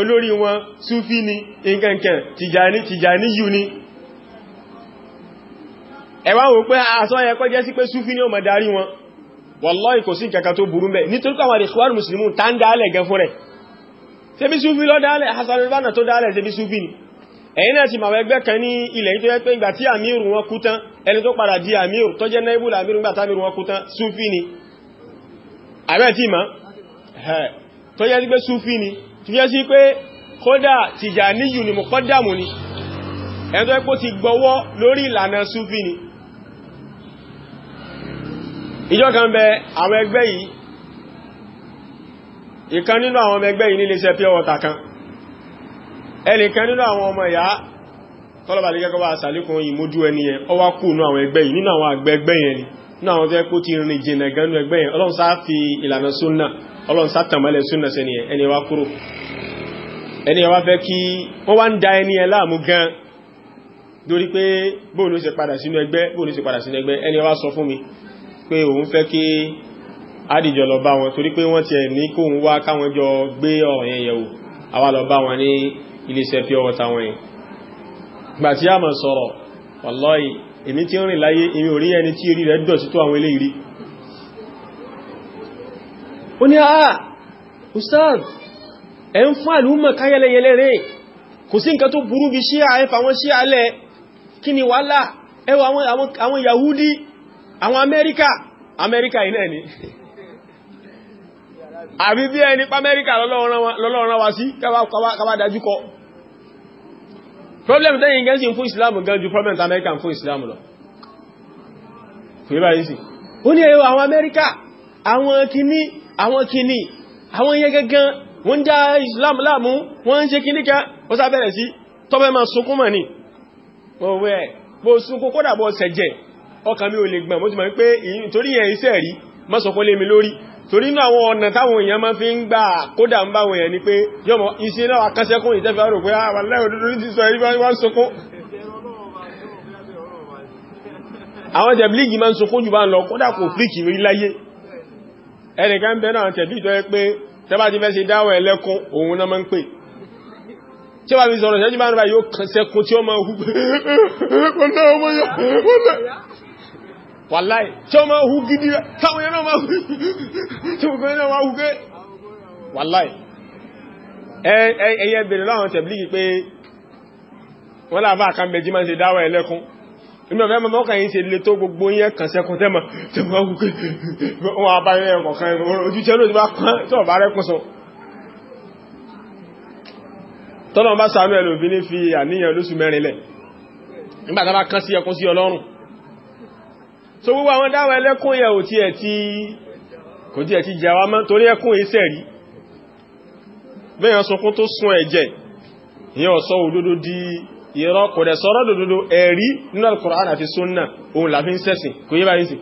olórí wọn súfí ni nkankan tìjàní tìjàní yù ni ẹwà wò pé àṣọ yẹ kọ́ jẹ́ sí pé súfí ni ó máa darí wọn wallahi kò sí nkankan tó burú mẹ́ nítorí pàwọn àdìkúwàrù mùsùlùmí tá ń dálẹ̀ gan fún rẹ̀ ṣebí súfí lọ dálẹ̀ Hassan al-Banna tó dálẹ̀ ṣebí súfí ni ẹ̀yìn náà ti màwọn ẹgbẹ́ kan ní ilẹ̀ tí àmírù wọn tó padà ma tó yẹ sí pé súfí ni tí yẹ́ sí pé kódà Tìjàníyù ni muqaddamu ni ẹ̀tọ́ ẹ̀pọ́ ti gbọ́wọ́ lórí ìlànà súfì ni ìjọ kan bẹ àwọn ẹgbẹ́ yìí ìkan nínú àwọn ọmọ ẹgbẹ́ yìí nílé iṣẹ́ pure water kan ẹnìkan nínú àwọn ọmọ ìyá kọlọ̀bà lè gẹ́gọ́ ìmójú ẹni ẹ ọwá kú nínú àwọn ẹgbẹ́ yìí nínú àwọn àgbẹ̀gbẹ́ yẹn ni nínú àwọn tó ẹkó ti rìn jìnà gan nínú ẹgbẹ́ yẹn ọlọ́run sáà fi ìlànà súnnà ọlọ́run sátàmọ́lẹ̀ súnà sẹ́ni ẹni wá kúrò ẹni wá fẹ́ kí wọ́n wá ń da ẹni ẹ láàmú gan lórí pé bóò ló ṣe padà sínú ẹgbẹ́ bóò ló ṣe padà sínú ẹgbẹ́ ẹni wá sọ fún mi pé òun fẹ́ kí àdìjọ lọ bá wọn torí pé wọ́n ti ẹ̀ ní kóhun wá káwọn jọ gbé ọ̀rọ̀ yẹn yẹ̀wò ó ní àà ah, ustaz ẹ̀ ń fún àlúmọ̀ káyẹlẹyẹlẹ rẹ̀ kò sí nǹkan tó burú bí ṣíà ẹfà wọn ṣíà lẹ kí ni wàhálà ẹwà àwọn yahudi àwọn amẹ́ríkà amẹ́ríkà iná ni àbí bí ẹni pa amẹ́ríkà lọ́lọ́run wa sí káwà dájúkọ problem tẹ́yìn gẹ́nsì fún islam gan ju problem amẹ́ríkà fún islam lọ fún ibáyìí sí ó ní ẹwà àwọn amẹ́ríkà àwọn kìíní àwọn kìíní àwọn yẹ gẹ́gẹ́ wọ́n já islam láàmú wọ́n ń ṣe kìíní ká ó sá bẹ̀rẹ̀ sí tọ́bẹ̀ ma sunkún mọ̀ ní ọwẹ́ bó sunkún kódà bó sẹ̀jẹ̀ ọkàn mi ò lè gbọ̀n mo ti mọ̀ pé torí yẹn iṣẹ́ rí má sọkún lé mi lórí torí inú àwọn ọ̀nà táwọn èèyàn máa fi ń gbà kódà ń báwọn èèyàn ni pé yọmọ àwọn aláìwòdúdú ti sọ jù bá ń lọ kódà kò fríkì rí láyé ẹnìkan bẹ náà tẹ̀bí ìtọ́ ẹ pé tẹ́bá ti fẹ́ ṣe dáwọ̀ ẹlẹ́kún òun náà máa ń pè tí wà ní sọ̀rọ̀ ṣẹ́jú bá ń bá yóò kàn sẹ́kún tí ó máa hù wàláì tí ó máa hù gidi táwọn ẹ̀rọ máa hù tí ó gbẹ́rẹ́ máa hù gẹ́ wàláì ẹyẹ bèèrè láwọn tẹ̀bí wọ́n inú ọ̀fẹ́ mọ́ kàn yí ṣe lè tó gbogbo yẹn kàn sẹ́kùn tẹ́mọ̀ tí wọ́n kú wọn àbáyé ẹ̀kọ̀kan ojúṣẹ́ ló ti bá kán tí wọ́n bá rẹ́kùn sọ tọ́lọ̀ bá sàánú ẹ̀lò bí ní fi àníyàn lóṣù mẹ́rin lẹ̀ nígbà tá bá kán sí ẹkún sí ọlọ́run so gbogbo àwọn dáwọn ẹlẹ́kùn yẹ kò tí ẹ̀ ti jẹ wa mọ́ torí ẹkùn iṣẹ́ rí bẹ́yàn sọkún tó sún ẹ̀jẹ̀ ìyẹn ọ̀sọ́ òdodo di ìrọ́ kò dẹ̀ sọ̀rọ̀ dòdòdó ẹ̀rí nínú Al-Qur'an àti súnnà òun làfi ń sẹ́sìn kò yí báyìí sí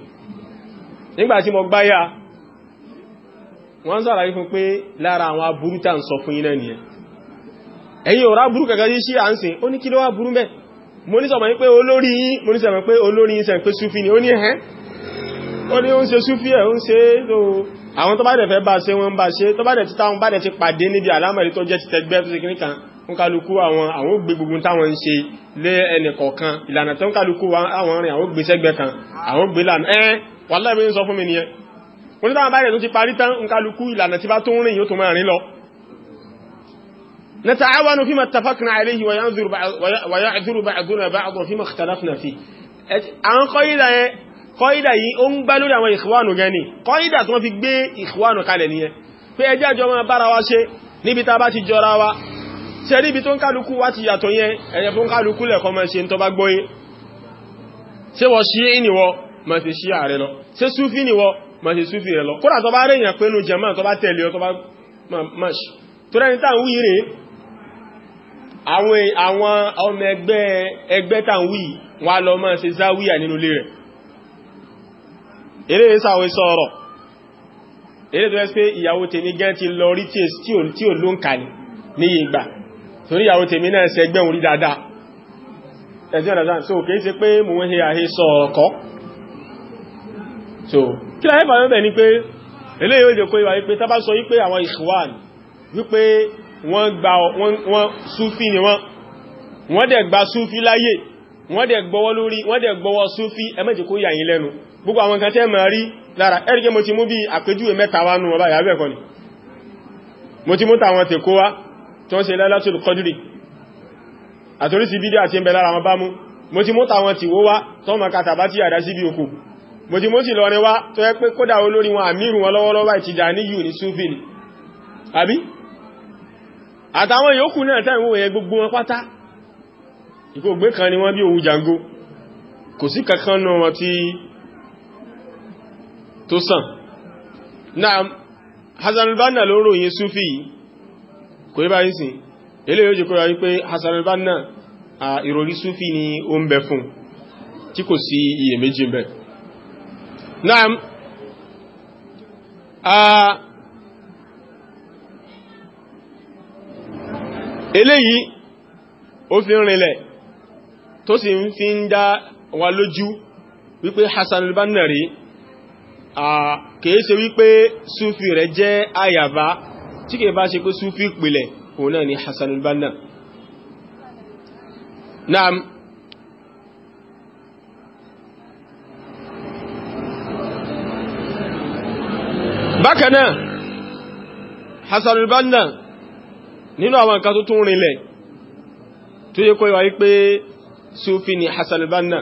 nígbàtí mo gbáyà wọ́n sára yí fún pé lára àwọn aburú tà ń sọ fún iná nìyẹn ẹ̀yin ọ̀rá burú kẹ̀kẹ́ yí sí à ń sìn ó ní kí ló wá burú mẹ́ mo ní sọ̀mọ̀ pé olórí yín mo ní sọ̀mọ̀ pé olórí yín sẹ̀pẹ́ súfì ni ó ní ẹ̀hẹ́ ó ní ó ń ṣe súfì ẹ̀ ó ń ṣe tó àwọn tó bá dẹ̀ fẹ́ bá ṣe wọ́n bá ṣe tó bá dẹ̀ ti táwọn bá dẹ̀ ti pàdé níbi àlámọ̀rí tó jẹ́ ti tẹgbẹ́ tó ṣe ń kálukú àwọn àwọn ògbé gbogbo táwọn ń ṣe lé ẹnì kọ̀ọ̀kan ìlànà tó ń kálukú àwọn rìn àwọn ògbé sẹ́gbẹ̀ kan àwọn ògbé lànà ẹ́ wàláhì mi ń sọ fún mi nìyẹn mo ní táwọn báyìí tó ti parí tán ń kálukú ìlànà tí bá tó ń rìn yóò tó máa rìn lọ نتعاون فيما اتفقنا عليه وينظر ويعذر بعضنا بعضا فيما اختلفنا فيه àwọn kọ́ídà yẹn kọ́ídà yìí ó ń gbá lórí àwọn ìkwánù gan ni kọ́ídà tó fi gbé ìkwánù kalẹ̀ nìyẹn pé ẹjẹ́ àjọ máa bára wa ṣe níbi tá bá ti jọra wa ṣe rí ibi tó ń kálukú wá ti yàtọ̀ yẹn ẹ̀yẹ fún kálukú lẹ̀kọ́ mọ́ ṣe ń tọ́ bá gbọ́yé ṣe wọ́n ṣí ìníwọ́ mọ́ ṣe ṣí ààrẹ lọ ṣe súfí níwọ́ mọ́ ṣe súfí rẹ lọ kódà tó bá rèyàn pé nu jẹ̀mọ́ tó bá tẹ̀lé ọ tó bá mọ́ ṣe tó rẹ́ni tá à ń wí rè àwọn e, àwọn ọmọ ẹgbẹ́ ẹgbẹ́ tá à ń wí wọn lọ mọ́ ṣe záwíyà nínú ilé rẹ̀ eré sàwọn sọ̀rọ̀ eré tó fẹ́ pé ìyàwó tèmi gẹ́ ti lọ rí tí ò lóǹkà ní ìgbà torí ìyàwó tèmi náà ṣẹgbẹ́ orí dáadáa ẹ̀sìn ọ̀dàdàn so kìí ṣe pé mò ń he àhe sọ ọ̀kọ́ so kí láyé bàbá bẹ̀ ni pé eléyìí ó lè kó ìwà wípé tábà sọ wípé àwọn ìṣùwàn wípé wọ́n gba wọ́n súfí ni wọ́n wọ́n dẹ̀ gba súfí láyè wọ́n dẹ̀ gbọ́wọ́ lórí wọ́n dẹ̀ gbọ́wọ́ súfí ẹ má jẹ́ kó yà yín lẹ́nu gbogbo àwọn kan tẹ́ mọ̀ rí lára ẹ́rìkẹ́ mo ti mú bí àpéjúwe mẹ́ta wá nù ọba ìyàwó ẹ̀kọ́ ni mo ti mú tàwọn tèkó wá tí wọ́n ṣe lẹ́lẹ́tò kọdúrì àtorísí bídí àti ẹ̀bẹ̀ lára wọn bá mú mo ti mú tàwọn tí wó wá tó ma kàtà bá ti àdá sí bí òkú mo ti mú ti lọ rẹ tó yẹ pé kódà olórí wọn àmírù wọn lọ́wọ́lọ́wọ́ Tìjàní ni àbí àtàwọn yòókù náà tẹ́ ìwò yẹn gbogbo wọn pátá ìkògbé kan ni wọ́n bí òwú jango kò sí kankan náà wọn tí al-Banna ló ròyìn Súfì yìí kò yíba yìí sìn ilé yóò jẹ́ kó ráyí pé Hassan al-Banna a ìròrí súfí ni ó ń bẹ fún tí kò sí iye méjì bẹ náà a eléyìí ó fi ń rinlẹ̀ tó sì ń fi ń dá wa lójú wípé Hassan al-Banna rí a kèése wípé súfí rẹ̀ jẹ́ àyàbá tí kìí bá ṣe pé súfí pìlẹ̀ òun náà ni Hassan al-Banna naam bákanáà Hassan al-Banna nínú àwọn nǹkan tó tún rinlẹ̀ tó yẹ kó yíwa wípé súfí ni Hassan al-Banna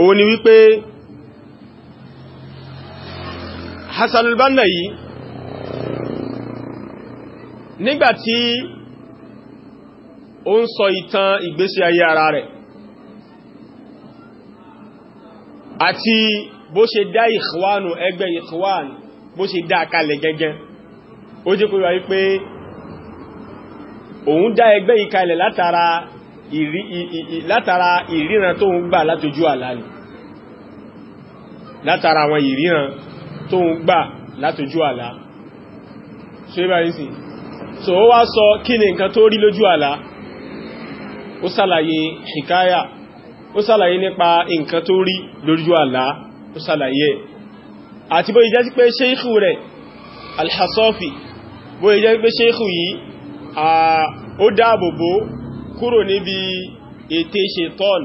òun ni wípé Hassan al-Banna yìí nígbàtí ó ń sọ ìtàn ìgbésí ayé ara rẹ̀ àti bó ṣe dá ìkwánu ẹgbẹ́ ìkwánu bó ṣe dá kalẹ̀ gẹ́gẹ́ ó jẹ́ pẹ̀lú wípé òun dá ẹgbẹ́ ìkalẹ̀ látara ìríran tó ń gbà látojú àlá látara àwọn ìríran tó ń gbà látojú àlá ṣe bá yìí sí so ó wá sọ kí ni nǹkan tó rí lójú àlá ó sàlàyé hikaya ó sàlàyé nípa nǹkan tó rí lójú àlá ó sàlàyé àti bó ìjẹ́ sí pé ṣéìkù rẹ̀ alhassofi bó ìjẹ́ sí pé ṣéìkù yìí ó dáàbòbò kúrò níbi ète ṣetán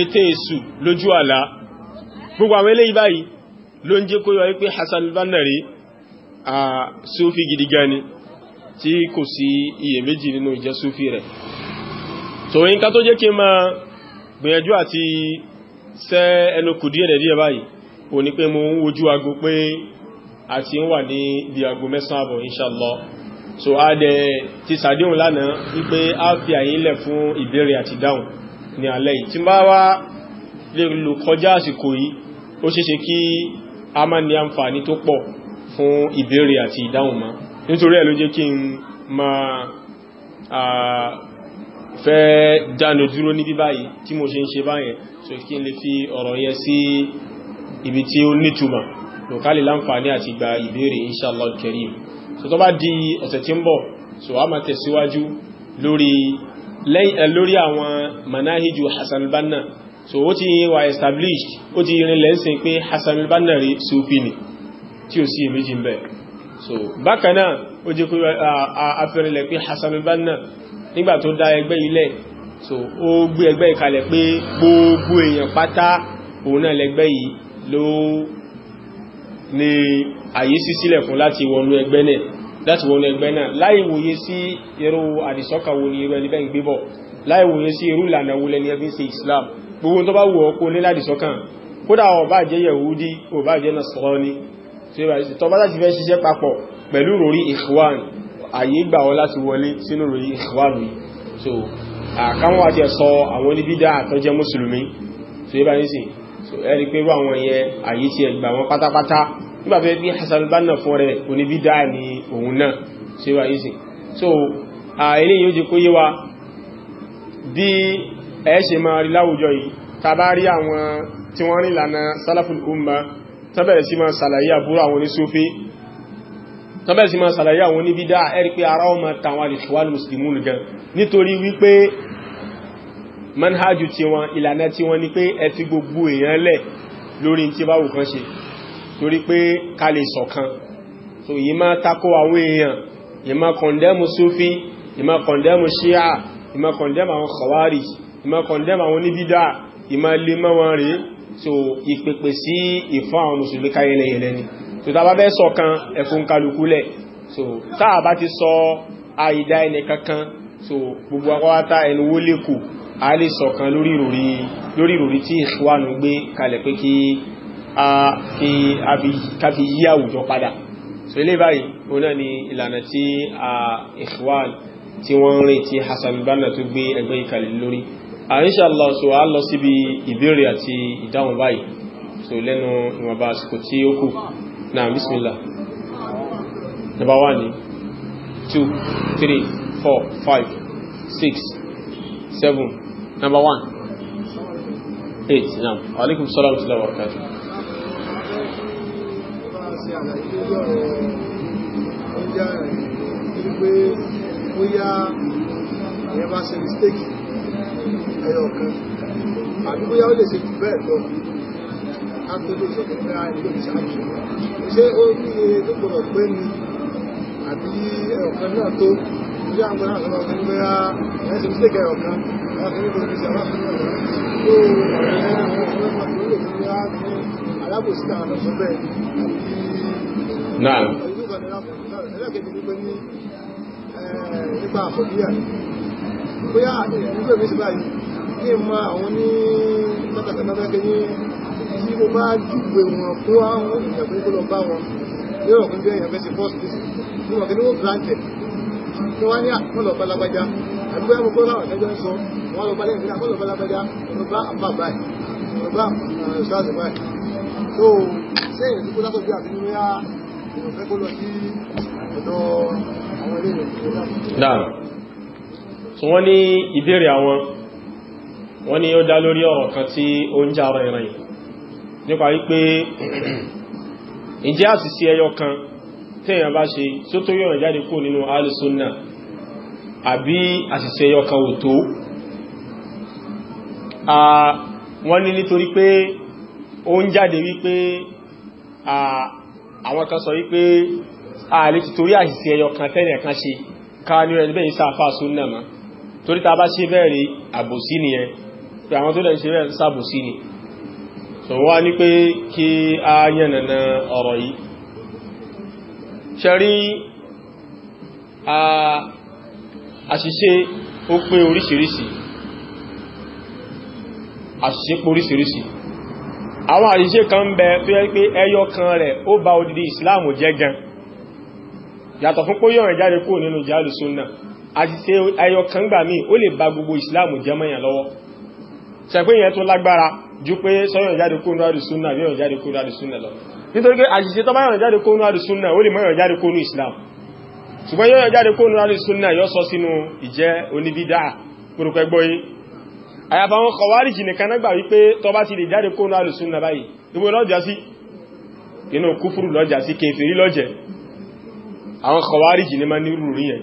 ète èsù lójú àlá gbogbo àwọn eléyìí báyìí ló ń jẹ́ kó yọ wípé Hassan al-Banna sufi gidi gani tí kò sí iyèméjì nínú ìjẹ́ sufi rẹ̀ so yín ká tó jẹ́ kí n máa gbìyànjú àti sẹ́ ẹnu kù díẹ̀ díẹ̀ báyìí ò ní pé mo ń wojú pé a ti ń wà ní bí aago mẹ́sàn àbọ̀ inshallah so a dẹ̀ ti sàdéhùn lánàá wípé a fi àyínlẹ̀ fún ìbéèrè àti dáhùn ní alẹ́ yìí tí bá wá lè lò kọjá àsìkò yìí ó ṣeéṣe kí a máa ní àǹfààní tó pọ̀ fún ìbéèrè àti ìdáhùn ma nítorí ẹ̀ ló jẹ́ kí n máa fẹ́ dánu dúró níbí báyìí tí mo ṣe ń ṣe báyẹn so kí n lè fi ọ̀rọ̀ yẹn sí ibi tí ó nítumọ̀ lòkálì láǹfààní àti gba ìbéèrè inshallah karim so tó bá di ọ̀sẹ̀ tí ń bọ̀ so a máa tẹ̀síwájú lórí àwọn manahiju Hassan al-Banna so ó ti wà established ó ti rin lẹ́sìn pé Hassan al-Banna Sufi ni tí ó sí èméjì ń bẹ̀ so bákan náà ó jẹ́ pé afẹ́rẹ̀lẹ̀ pé Hassan al-Banna nígbà tó dá ẹgbẹ́ ilẹ̀ so ó gbé ẹgbẹ́ ìkalẹ̀ pé gbogbo èèyàn pátá òun náà lẹ́gbẹ́ yìí ló ní àyè sí sílẹ̀ fún láti wọnú ẹgbẹ́ náà láti wọnú ẹgbẹ́ náà láì wòye sí irú àdìsọ́kà wo ni irú ẹni láì wòye sí irú ìlànà wo lẹ́ni ẹbí ṣe Islam gbogbo tó bá wù ọ́ kó ní láti sọ́kàn kódà ó bá jẹ́ yẹ̀wúdí ó bá jẹ́ nasrani tó bá láti fẹ́ ṣiṣẹ́ papọ̀ pẹ̀lú ròrí ikhwan àyè gbà ọ láti wọlé sínú ròrí ikhwan yìí so àkáwọn àti ẹ̀sọ àwọn oníbídá àtọ́jẹ́ mùsùlùmí tó yíba nísìn so ẹ̀rí pé rú àwọn yẹn àyè ti ẹ̀gbà wọn pátápátá nígbàfẹ́ bí Hassan Banna fún rẹ̀ oníbídá ni òun náà tó yíba nísìn so eléyìí ó jẹ́ kó yé wa bí ẹ ṣe máa rí láwùjọ yìí tá bá rí àwọn tí wọ́n rí lànà salaful umma sí máa ṣàlàyé àwọn ní sufi tó bẹ̀rẹ̀ sí máa ṣàlàyé àwọn ní bídá ẹ rí pé ara ọmọ tàwọn al-ikhwan muslimun gan nítorí wípé manhajù tiwọn ìlànà tiwọn ni pé ẹ fi gbogbo èèyàn lẹ̀ lórí tí bá kan ṣe torí pé ká lè ṣọ̀kan so yìí máa takò àwọn èèyàn yìí máa kọ̀ndẹ́mù sufi yìí máa kọ̀ndẹ́mù shia yìí máa kọ̀ndẹ́mù àwọn khawarij ìmọ̀ kọ̀ndẹ́m àwọn oníbídá ìmọ̀ lè mọ́ wọn rí so ìpèpè sí ìfún àwọn mùsùlùmí káyẹlẹyẹlẹ ni so tá a bá bẹ́ sọ kan ẹkùn kalùkúlẹ̀ so tá a bá ti sọ àìdá ẹni kankan so gbogbo akọ́wátá ẹnu wó lékù a lè sọ kan lórí ìròrí tí ìṣúwánu gbé kalẹ̀ pé kí a fi yí àwùjọ padà so ilé báyìí òun náà ni ìlànà tí ìṣúwánu tí wọ́n ń rìn tí Hassan Banna tó gbé ẹgbẹ́ ìkàlẹ̀ lórí àríṣà ah, lọ so lọ síbi ìbéèrè àti ìdáhùn báyìí so lẹ́nu ìwọ̀nba àsìkò tí ó kù náà bismillah number one two three four five six seven number one eight naam alaikum salaam wa rahmatullahi wa barakatuh ó yá ẹ̀yẹ́ bá ṣe mistake ẹyọ kan àbí bóyá ó lè ṣe jù bẹ́ẹ̀ lọ látọ́lé sọ pé ara ìlú ìṣáájú ṣé ó ní iye tó gbọdọ̀ pé ni àbí ẹyọ kan náà tó bí àwọn ará àwọn ọkùnrin bóyá ẹ̀ ṣe mistake ẹyọ kan wọn fi ní kò ní ṣe àwọn ọkùnrin náà tó àwọn ọkùnrin tó fi wá fún alábòsí náà lọ sọ bẹ́ẹ̀ náà ẹlẹ́kẹ̀ẹ́ ni pé ní nípa àfọ̀bíyà bóyá ìlú èmi sí báyìí kí n ma àwọn ní mọ́tàkàtàkì ní tí mo bá jùgbé wọn fún àwọn èèyàn pé kó lọ bá wọn yóò rọ̀ pé èèyàn fẹ́ ṣe first visit ní wọn kí ni wọ́n granted kí wọ́n ní àkọlọ̀ balabaja àdúgbò ẹ̀mọ́ kó láwọn ẹ̀jọ́ ń sọ wọn lọ balẹ̀ ní àkọlọ̀ balabaja wọn bá àbá báyìí wọn bá eh, ṣáàzì báyìí tó ṣé èyí kó látọ̀ bí àti nínú yá èèyàn fẹ́ kó lọ sí ọ̀dọ̀ àwọn ilé ìrìn tó láti. náà wọ́n ní ìbéèrè àwọn wọ́n ní ó dá lórí ọ̀rọ̀ kan tí ó ń jára ìrìn nípa wípé ìjẹ́ àṣìṣe ẹyọ kan tẹ́yàn bá ṣe tó tó yọ̀rọ̀ jáde kú nínú alìsúnnà àbí àṣìṣe ẹyọ kan ò tó wọ́n ní nítorí pé ó ń jáde wípé àwọn kan sọ wípé ààlè ti torí àṣìṣe ẹyọ kan tẹ́yàn kan ṣe ká ní ẹni bẹ́yìn sáfà súnnà mọ́ torí ta bá ṣe bẹ́ẹ̀ àbòsí nìyẹn pé àwọn tó dẹ̀ ṣe rẹ̀ sàbòsí ni so wá ní pé kí a yẹnàna ọ̀rọ̀ yìí ṣẹ̀rí àṣìṣe ó pé oríṣiríṣi àṣìṣe pé oríṣiríṣi àwọn àṣìṣe kan ń bẹ tó yẹ pé ẹyọ kan rẹ̀ ó ba odidi ìsìláàmù jẹ́ gan yàtọ̀ fún pé yọ̀rẹ̀ jáde kúrò nínú jálùsúnnà àṣìṣe ẹyọ kan gbà míì ó lè ba gbogbo ìsìláàmù jẹ́ lọ́wọ́ ṣẹ̀pé yẹn tó lágbára ju pé sọ́yọ̀ jáde kó náà rìsúnà yóò jáde kó náà rìsúnà lọ nítorí pé àṣìṣe tó bá yọ̀ ní Islam ṣùgbọ́n yọ̀ jáde kó náà rìsúnà yọ sọ sínú ìjẹ́ oníbídà kúrùpẹ́ gbọ́yé àyàfà wọn kọ̀wárìjì nìkan náà ti lè jáde kó náà rìsúnà báyìí gbogbo lọ́jà sí inú kúfúrú lọ́jà sí kèfèrí lọ́jẹ̀ àwọn kọ̀wárìjì ní ma ní rúrí yẹn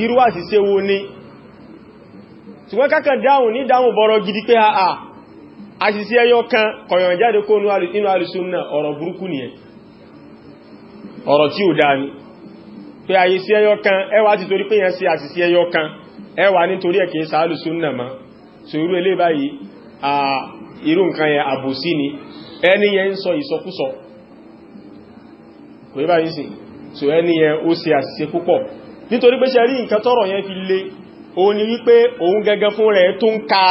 irú àṣìṣe wo ni ṣùgbọ́n kákan dáhùn ní dáhùn bọ̀rọ̀ gidi pé àà ah, ah, àṣìṣe ẹyọ kan kọ̀yàn jáde kó inú alùsùnnà ọ̀rọ̀ burúkú nìyẹn ọ̀rọ̀ tí ò dáa ni pé àṣìṣe ẹyọ kan ẹwà ti torí pé yẹn sí àṣìṣe ẹyọ kan ẹwà nítorí ẹ̀kẹ́ sàálùsùnnà ma so irú ilé báyìí à irú so ẹni yẹn ó ṣe àṣìṣe púpọ̀ nítorí pé ṣe rí nǹkan tọ́rọ̀ yẹn fi le òun ni wípé òun gẹ́gẹ́ fún rẹ̀ tó ń ka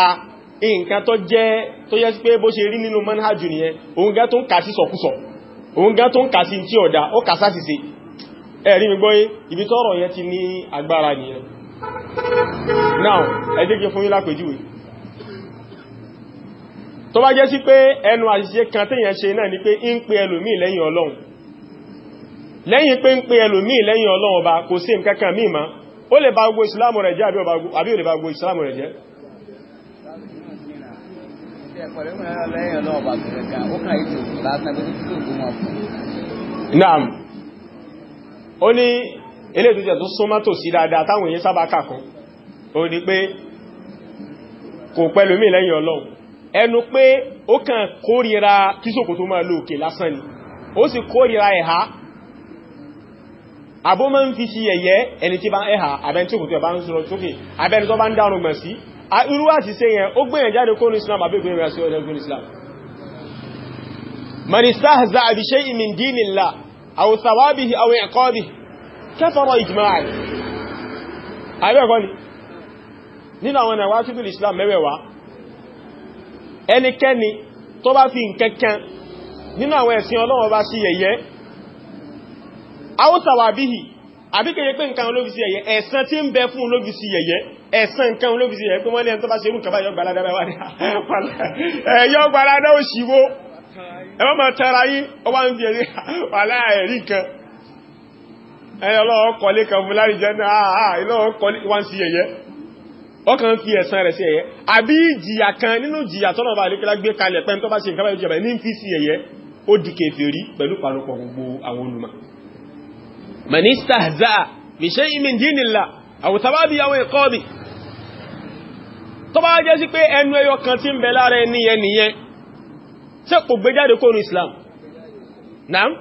nǹkan tó jẹ́ tó yẹ sí pé bó ṣe rí nínú manhajù nìyẹn òun gẹ́ tó ń kà sí sọ̀kúsọ̀ òun gẹ́ tó ń kà mi gbọ́yé ibi bá jẹ́ sí pé ẹnu àṣìṣe kan téèyàn ṣe náà ni pé ń pe ẹlòmíì lẹ́yìn ọlọ́run lẹ́yìn pé ń pe ẹlòmí lẹ́yìn Ọlọ́run ọba kò sí nǹkankan míì ma ó lè ba gbogbo ìsìlámù rẹ̀ jẹ́ àbí ò lè ba gbogbo ìsìlámù rẹ̀ jẹ́ Naam. Ó ní ilé ìtújẹ̀ tó súnmọ́ tò sí dáadáa táwọn èyí sábà kàkún. Ó ní pé kò pẹ̀lú lẹ́yìn Ọlọ́run. Ẹnu pé ó kàn kórìíra kí ṣòkòtò máa lóòkè lásán ni. Ó sì kórìíra ẹ̀há àbó máa ń fi sí ẹ̀yẹ́ ẹni tí bá ń ẹ̀hà abẹ́ni tí kò tí ẹ̀ bá ń sọ̀rọ̀ sókè abẹ́ni tó bá ń dárùn gbọ̀n sí irú àṣìṣe yẹn ó gbé yẹn jáde kó ní Islam àbí ìgbéyàwó sí ọjọ́ ìgbéyàwó Islam man istahza'a bi shay'in min dinillah aw thawabihi aw iqabihi kafara ijma'an nínú àwọn ẹ̀wà tó bílì Islam mẹ́wẹ̀wà ẹnikẹ́ni tó bá fi nǹkankan nínú àwọn ẹ̀sìn Ọlọ́run bá sí àwọ́sàwà bíhì àbíkẹ̀yẹ pé nǹkan olóbi sí ẹ̀yẹ ẹ̀san tí ń bẹ fún olóbi sí ẹ̀yẹ ẹ̀san nǹkan olóbi sí ẹ̀yẹ pé wọ́n lẹ́yìn tó bá ṣe irú kàbá yọgbàládá òṣìwó ẹwọ́n ma tara yí ọwá ń fi ẹ̀rí wàlá ẹ̀rí kan ẹ̀yẹ ọlọ́wọ́ kọlé kan fún lárí jẹ́ náà ìlọ́wọ́ ah, ah, kọlé wá ń sí ẹ̀yẹ ọkàn fi ẹ̀san rẹ̀ sí ẹ̀yẹ àbí ìjìyà kan nínú ìjìyà tọ́nà bá àlékẹ́lá gbé kalẹ̀ pẹ́ tó bá ṣe nǹkan báyọ̀ jẹ́ bẹ̀ ní fi sí ẹ̀yẹ ó di kèfèrí pẹ̀lú parọ́pọ̀ gbogbo àwọn olùmọ̀ man istahza'a bi shay'in min dinillah aw thawabi aw iqabi tó bá jẹ́ sí pé ẹnu ẹyọ kan tí ń bẹ lára ẹni yẹn nìyẹn ṣé kò gbé jáde kó nu islam naam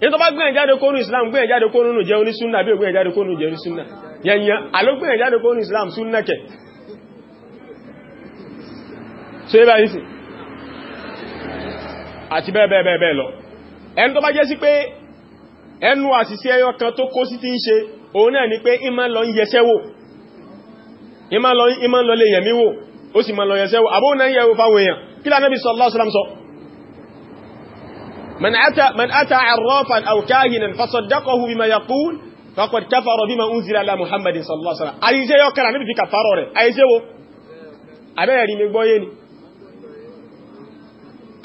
ní tó bá gbé jáde kó nu islam gbé jáde kó nu jẹ́ oní sunna bí gbé jáde kó nu jẹ́ oní sunna yẹnyẹn àló gbé jáde kó nu islam sunna kẹ̀ ṣe é báyìí sí àti bẹ́ẹ̀ bẹ́ẹ̀ bẹ́ẹ̀ lọ ẹni tó bá jẹ́ sí pé ẹnu àṣìṣe ẹyọ kan tó kó sí ti ń ṣe òun náà ni pé ìmọ̀ lọ ń yẹsẹ́ wò ìmọ̀ lọ lè yẹ̀mí wò ó sì mọ̀ lọ yẹsẹ́ wò àbóhùn náà yẹ̀wò fáwọn èèyàn kí lá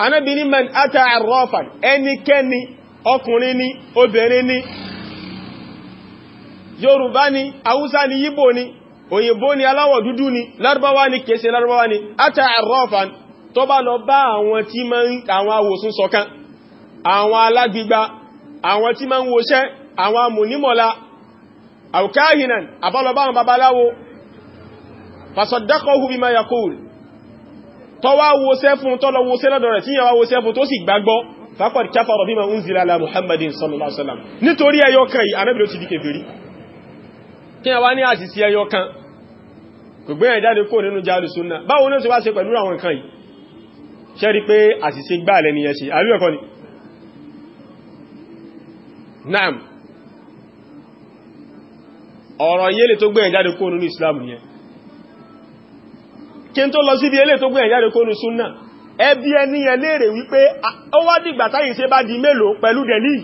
Nábì ni man ata arrafan ẹnikẹ́ni ọkùnrin ni obìnrin ni yorùbá ni haúsá ni yíbò ni òyìnbó ni aláwọ̀ dúdú ni lárúbáwá ni kèsè lárúbáwá ni àtà àrọ́fà tó bá lọ bá àwọn tí ma ń àwọn awòsùn sọ̀kan àwọn alágbígba àwọn tí ma ń woṣẹ́ àwọn amònímọ̀lá àwòkáhìnà àbálọbá àwọn babaláwo fàṣọ̀dákọ̀hù bí ma yàkóòl faqad kafara bima unzila ala muhammadin sallallahu alaihi wasallam nítorí ẹyọ kan yìí anábì ló ti di kèfèrí kí a wá ní àṣìṣe ẹyọ kan kò gbé ẹ̀ jáde kó nínú jáàlù súnà báwo ló ti wá ṣe pẹ̀lú àwọn nǹkan yìí ṣe rí pé àṣìṣe gbáàlẹ̀ ni ẹ ṣe àbí ẹ̀kọ́ ni naam ọ̀rọ̀ yẹlẹ tó gbé ẹ̀ jáde kó nínú islam yẹn kí n tó lọ síbi ẹbí ẹni yẹn léèrè wípé ah, ó wá dìgbà táyìn ṣe bá di mélòó pẹ̀lú dẹ̀lì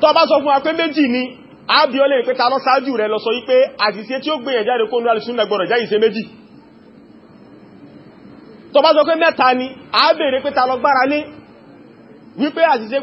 tó bá sọ fún wa méjì ni àbí ó lè pé ta lọ sáájú rẹ̀ lọ sọ wípé àṣìṣe tí ó gbìyàn jáde kó núra lùsùn lẹ́gbọ̀rọ̀ jáyìn ṣe méjì tó bá sọ pé mẹ́ta ni àbèrè pé ta lọ gbára lé wípé àṣìṣe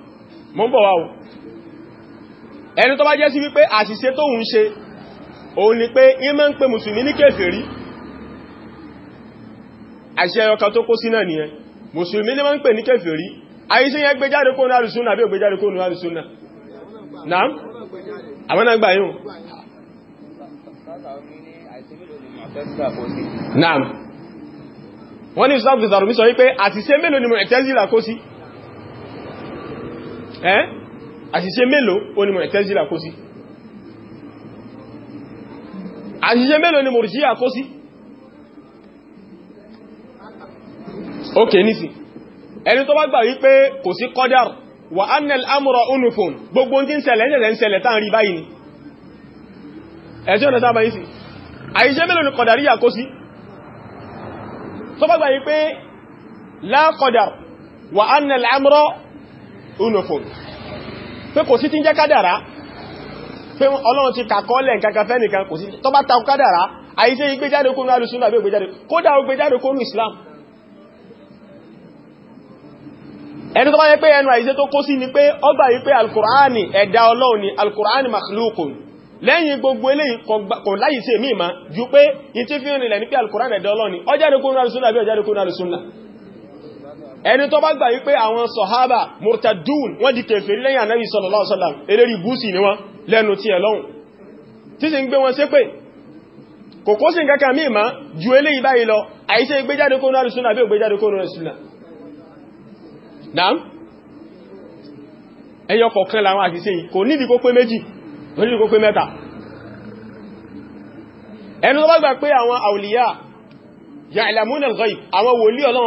mo ń bọ̀ wá o ẹni tó bá jẹ́ sí wípé àṣìṣe tó ń ṣe òun ni pé ìmọ̀ ń pe mùsùlùmí ní kèfèrí àṣìṣe ọkàn tó kó sí náà nìyẹn mùsùlùmí ní wọ́n ń pè ní kèfèrí àyíṣe yẹn gbé jáde kó nínú sunna àbí ògbéjáde kó nínú sunna ni Mu'tazila kó sí ẹ́ àṣìṣe mélòó ó ní mọ̀tẹ́sílà kó sí àṣìṣe mélòó ni mọ̀rìṣíà kó sí ok nìsí ẹni tó bá gbà wípé kò sí kọ́dár wà annal amúrọ̀ unufon gbogbo tí ń ṣẹlẹ̀ ń ṣẹlẹ̀ tán rí báyìí ni ẹ̀ṣẹ́ ọ̀nà uniform pé kò sí tí ń jẹ́ kádàrá pé ọlọ́run ti kàkọ́lẹ̀ nǹkankan fẹ́ nìkan kò sí tó bá ta kádàrá àìsẹ́ ìgbéjáde kó ní alùsùn àbí ìgbéjáde kódà ìgbéjáde kó ní Islam ẹni tó bá yẹ pé ẹnu àìsẹ́ tó kó sí ni pé ó gbà wípé alkùránì makhlukun lẹ́yìn gbogbo eléyìí kò láyìí sí èmì ìmá ju pé yìí tí fi ń rìnlẹ̀ ní pé alkùránì ẹ̀dá ọlọ́run ni ọjáde kó ní alùsùn àbí ọjáde ní alùsùn náà ẹni tó bá gbà wípé àwọn sọ̀hábà murtadun wọ́n di kèfèrí lẹ́yìn ànábì sallallahu alaihi wasallam eléri gúúsì ni wọ́n lẹ́nu tí ẹ lọ́hùn tí sì ń gbé wọn ṣépè kò kó sí nǹkankan mí ma ju eléyìí báyìí lọ àìṣe ìgbéjáde kónú àrùsùn àbí ìgbéjáde kónú àrùsùn náà ẹyọ kọ̀ọ̀kan làwọn àṣìṣe yìí kò nídìí kó pé méjì kò nídìí kó pé bá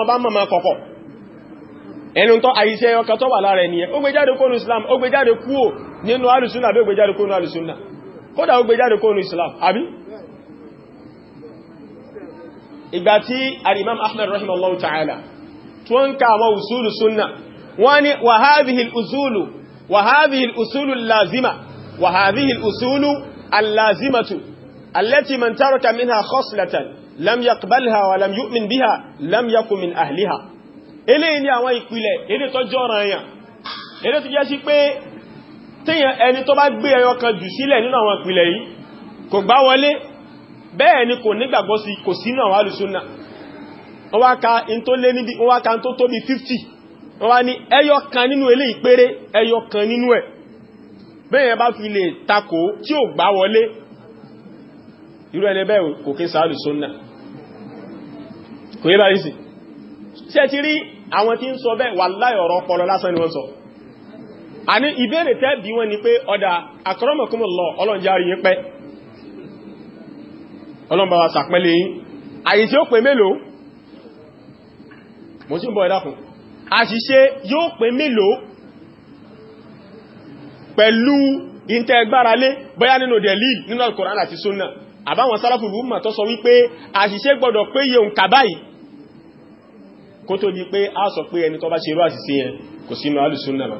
gbà mọ̀ kọ̀kọ̀ ẹnu tó àìṣẹ́ ọkà tó wà lára ẹniyẹn ó gbéjáde kónú islam ó gbéjáde kúò nínú alùsúnà bí ó gbéjáde kónú alùsúnà kódà ó gbéjáde kónú islam àbí ìgbà tí alimam ahmed rahimallahu ta'ala tó ń ka àwọn usulu sunna wọ́n ni wa التي من ترك منها خصلة لم يقبلها ولم يؤمن بها لم يكن من أهلها eléyìí ni àwọn ìpìlẹ̀ èdè tó jẹ́ ọ̀ràn èèyàn èdè tó jẹ́ sí pé tíyàn ẹni tó bá gbé ẹyọ kan jù sílẹ̀ nínú àwọn ìpìlẹ̀ yìí kò gbá wọlé bẹ́ẹ̀ ni kò nígbàgbọ́ sí kò sínú àwọn lé 50 kan kan fi wọlé àwọn tí ń sọ bẹ́ẹ̀ wà láyọ̀rọ̀ ọpọlọ lásán ni wọ́n sọ a ní ìbéèrè tẹ́ bí wọ́n ni pé ọ̀dà akramakumullah ọlọ́njárí yín pẹ́ ọlọ́mbàwà sàpẹ́lẹ̀ yín àyí tí ó pè mélòó mo sí ń bọ̀ ẹ̀dàkùn quran àti Sunnah àbáwọn sálàfù rúmà tó sọ wípé àṣìṣe gbọ́dọ̀ péye òǹkà báyìí kó tó di pé a sọ pé ẹni tó bá ṣe irú àṣìṣe yẹn kò sínú alùsùnà náà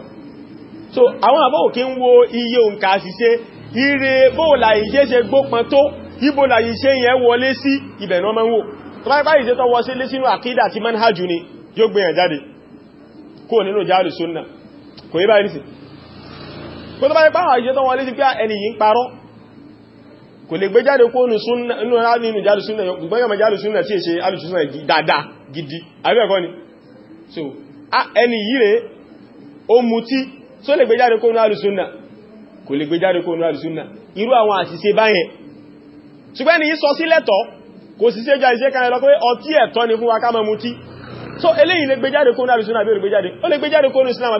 so àwọn àbọ̀wò kí ń wo iye òǹkà àṣìṣe ire bóòlà ìṣẹ́ ṣe gbópan tó ibòlà ìṣẹ́ yẹn wọlé sí ibẹ̀ náà máa ń wò tó bá báyìí ṣe tó wọ́ sí lé sínú àkídà tí manhaju ni yóò gbé yàn jáde kó nínú jáàlù sunna kò yí kò lè gbé jáde kó nínú rá nínú jálùsúnà gbọ́yọ̀mọ̀ jálùsúnà tí è ṣe alùsúnà dáadáa gidi àríwẹ̀kọ́ ni so ẹni yìí rẹ̀ ó mú tí tó lè gbé jáde kó nínú alùsúnà kò lè gbé jáde kó nínú alùsúnà irú àwọn àṣìṣe báyẹn ṣùgbọ́n ni yí sọ sí lẹ́tọ̀ kò sì ṣe jáde kan lọ so eléyìí lè gbé jáde kó nínú alùsúnà bí ó lè gbé jáde ó lè gbé jáde kó nínú Islam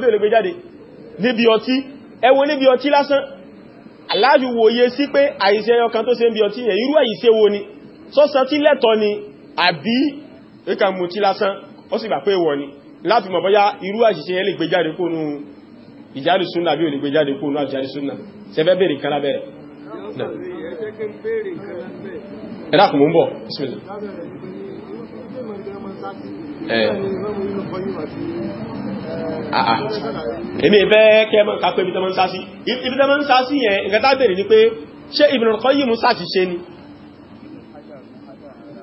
bí aláàjú wòye sí pé àìṣe ẹyọ kan tó ṣe ń bí ọtí yẹn irú àìṣe wo ni sọ́sán tí lẹ́tọ́ ni àbí ẹka mú tí lásán wọ ni láti mọ̀ bóyá irú àṣìṣe yẹn lè gbé jáde kónú ìjáde súnà bí ò lè gbé jáde kónú àjáde súnà bèèrè kan Ah, ah. èmi ìfẹ́ kẹ́ mọ́ kápẹ́ ibi tẹ́mọ́ ń sá sí ibi tẹ́mọ́ ń sá sí yẹn nǹkan tá bèèrè ní pé ṣé Ibn al-Qayyim ṣàṣìṣe ni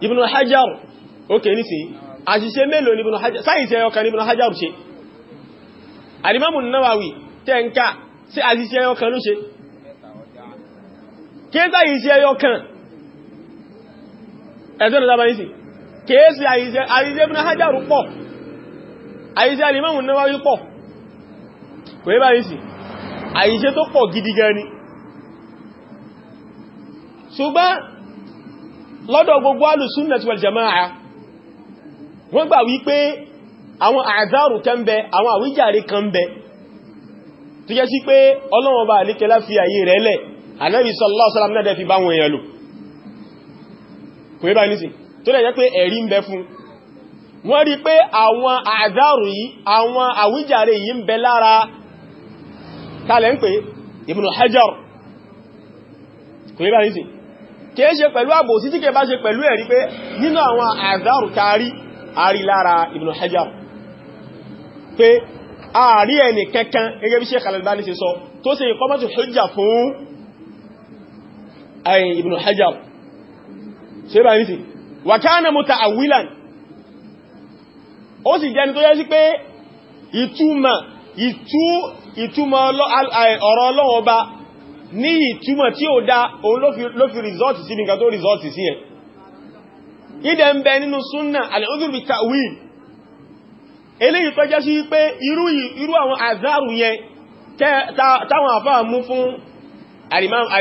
Ibn Hajar ókè nísì àṣìṣe mélòó ni Ibn Hajar sáyìnsì ọkàn Ibn Hajar ṣe Al-Imam an-Nawawi tẹ́ǹkà sí àṣìṣe ọkàn ló ṣe kéèsì àyíṣe ẹyọ kan ẹ̀sẹ̀ ìdábáyísì kéèsì àyíṣe Ibn Hajar pọ̀ àyíṣẹ́ alìmọ́mù náà wáyé pọ̀ kò yí báyìí sí àyíṣẹ́ tó pọ̀ gidi gan ni ṣùgbọ́n lọ́dọ̀ gbogbo alùsúnnàtí wal jama'a wọ́n gbà wípé àwọn àzárù kan bẹ àwọn àwíjàre kan bẹ tó jẹ́ sí pé Ọlọ́run bá fi àyè rẹ̀ lẹ̀ Ànábì sallallahu alaihi wasallam náà dẹ̀ fi bá wọn èèyàn wọ́n rí pé àwọn àdárù yìí àwọn àwíjàre yìí ń bẹ lára kalẹ̀ ń pè Ibn Hajar kò yíba nìsìn kìí ṣe pẹ̀lú àbò sí tí kìí bá ṣe pẹ̀lú ẹ̀rí pé nínú àwọn àdárù tarí àrí lára Ibn Hajar pé ààrí ẹni kankan gẹ́gẹ́ bí Sheikh Al-Albani ṣe sọ tó ṣe ìkọ́mọ́tù Hajar ṣe yíba nìsìn wa kana muta'awwilan ó sì jẹ́ni tó yẹ sí pé ìtumọ̀ ọ̀rọ̀ Ọlọ́run ọba ní ìtumọ̀ tí ó dá òun ló fi rìsọ́ọ̀tì sí nǹkan tó rìsọ́ọ̀tì sí ẹ̀ ìdẹ̀ ń bẹ nínú súnnà alẹ́ọ́dúnbí ta'wil eléyìí tó mú fún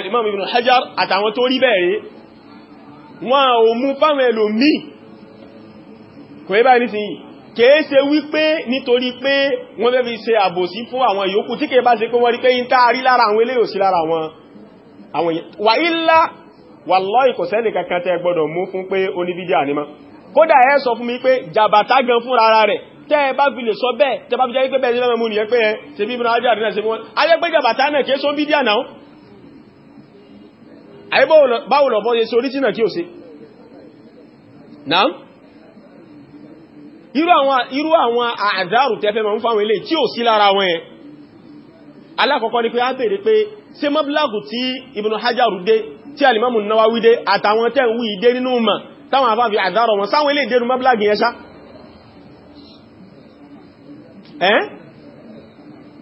alimam ibn hajar àtàwọn tó rí bẹ̀rẹ̀ wọn kèé ṣe wípé nítorí pé wọ́n fẹ́ fi ṣe àbòsí fún àwọn yòókù tí kèé bá ṣe pé wọ́n rí pé yí táàrí lára àwọn eléyò sí lára àwọn èèyàn wà ílá wà lọ́ ìkọ̀sẹ́lì kankan tẹ́ gbọ́dọ̀ mú fún pé ó ní bídíà nímọ́ kódà ẹ sọ fún mi pé jàbàtà gan fún rárá rẹ̀ tẹ́ ẹ bá fi lè sọ bẹ́ẹ̀ tẹ́ bá fi jẹ́ pé bẹ́ẹ̀ sí mú nìyẹn pé ẹ ṣe bí mìíràn ajáde náà ṣe wọ́n ayé pé jàbàtà náà kìí sọ bídíà náà ayé báwo lọ bọ́ ṣe sórí kí ò ṣe náà irú àwọn irú àwọn tẹ́fẹ́ ma ń fáwọn ilé tí ò sí lára wọn ẹ̀ alákọ̀ọ́kọ́ ni pé a bèèrè pé ṣe mọ́bílágù tí Ibn Hajaru dé tí alimamu Nawawi dé àtàwọn tẹ́ ń wí dé nínú mọ̀ táwọn àfáàfi àdárọ̀ wọn sáwọn ilé ìdérú mọ́bílágù yẹn ṣá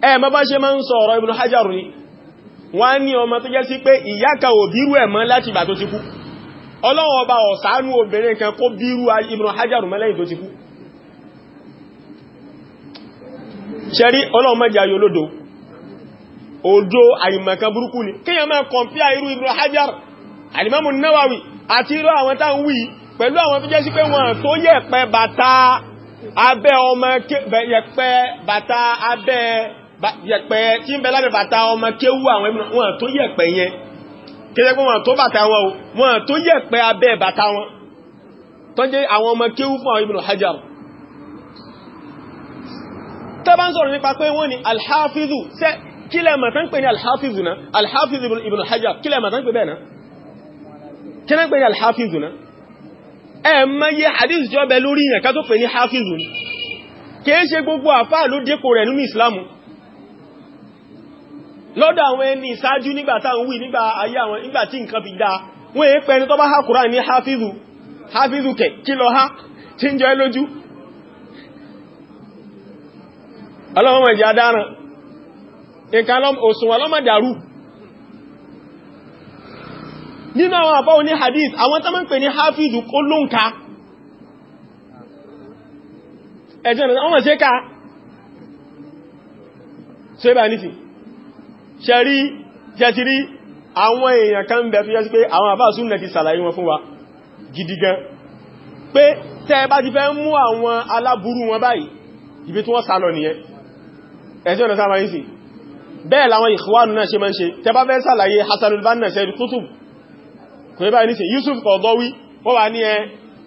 ẹ mọ́ bá ṣe máa ń sọ ọ̀rọ̀ Ibn Hajaru ni wọ́n ní ọmọ tó jẹ́ sí pé ìyá kan ò bírú ẹ̀ mọ́ láti ìgbà tó ti kú ọlọ́wọ́ ọba ọ̀sánú ṣẹ́rí ọlọ́run mẹ́jẹ ayò lódò òjò àìmọ̀kan burúkú ni kíyàn máa kọ̀mpíà irú Ibn Hajar alimamu Nawawi àti irú àwọn tá ń wí pẹ̀lú àwọn tó jẹ́ sí pé wọ́n tó yẹ̀pẹ̀ bàtà abẹ́ ọmọ yẹ̀pẹ̀ bàtà abẹ́ yẹ̀pẹ̀ tí ń bẹ lábẹ́ bàtà ọmọ kéwú àwọn wọn tó yẹ̀pẹ̀ yẹn kéjẹ́ pé wọ́n tó bàtà wọn o wọ́n tó yẹ̀pẹ̀ abẹ́ bàtà tẹ́bá ń sọ̀rọ̀ nípa pé wọ́n ni alhafizu sẹ́ kílẹ̀ mọ̀tán pè ní alhafizu na alhafizu ibn hajjab kílẹ̀ mọ̀tán pè bẹ́ẹ̀ na kílẹ̀ pè ní alhafizu na ẹ mẹ́yẹ hadith jọ bẹ lórí yẹn ká tó pè ní hafizu ni kìí ṣe gbogbo àfáà ló dẹ́kò rẹ̀ nínú ìsìlámù lọ́dọ̀ àwọn ẹni ìsáájú ọlọ́mọ ìjì adáran nǹkan òsùn ọlọ́mọ dàrú nínú àwọn àbáwọn ní hadith àwọn tó mọ́ ń pè ní hafizu kó ló ń ka ẹ̀jẹ́ ìrìnà wọ́n ṣe ká ṣe bá nìsí ṣe rí jẹtiri àwọn èèyàn kan bẹ̀ tó jẹ́ sí pé àwọn àbá súnnà tí wọ́n sálọ nìyẹn ẹ̀sí ọ̀nà sáà máa yìí sí bẹ́ẹ̀ láwọn ìkwánù náà ṣe máa ń ṣe tẹbá fẹ́ sàlàyé Hassanul Banna Sayyid Qutb kò ní báyìí ní sí Yusuf Qaradawi wọ́n wà ní ẹ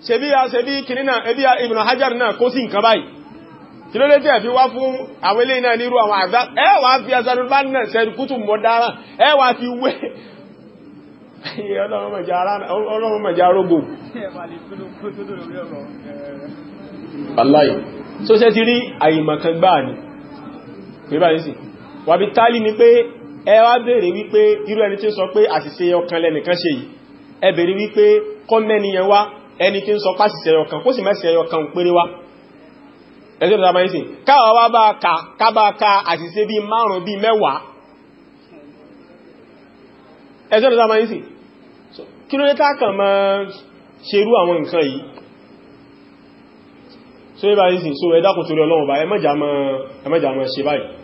ṣebí ya ṣebí kìnnà ẹbí ya Ibn Hajar náà kó sí nǹkan báyìí kí ló dé tẹ́ fi wá fún àwọn ilé náà ti rí àyìmọ̀kan gbáà ni pẹ̀lú àyíṣì wàbí tálì ni pé ẹ wá bèèrè wípé irú ẹni tí ń sọ pé àṣìṣe ọkàn lẹ́nìkan ṣe yìí ẹ bèèrè wípé kọ́mẹ́niyàn wá ẹni tí ń sọ pàṣìṣe ọkàn kó sì mẹ́sì ka ká ka àṣìṣe bíi márùn-ún bíi mẹ́wàá ẹjọ́ tó sábà ń sìn kí ló dé tá kàn máa ṣerú àwọn nǹkan yìí so ẹ bá ń sìn so ẹ dákun torí Ọlọ́run bá ẹ mọ́jà mọ́ ṣe báyìí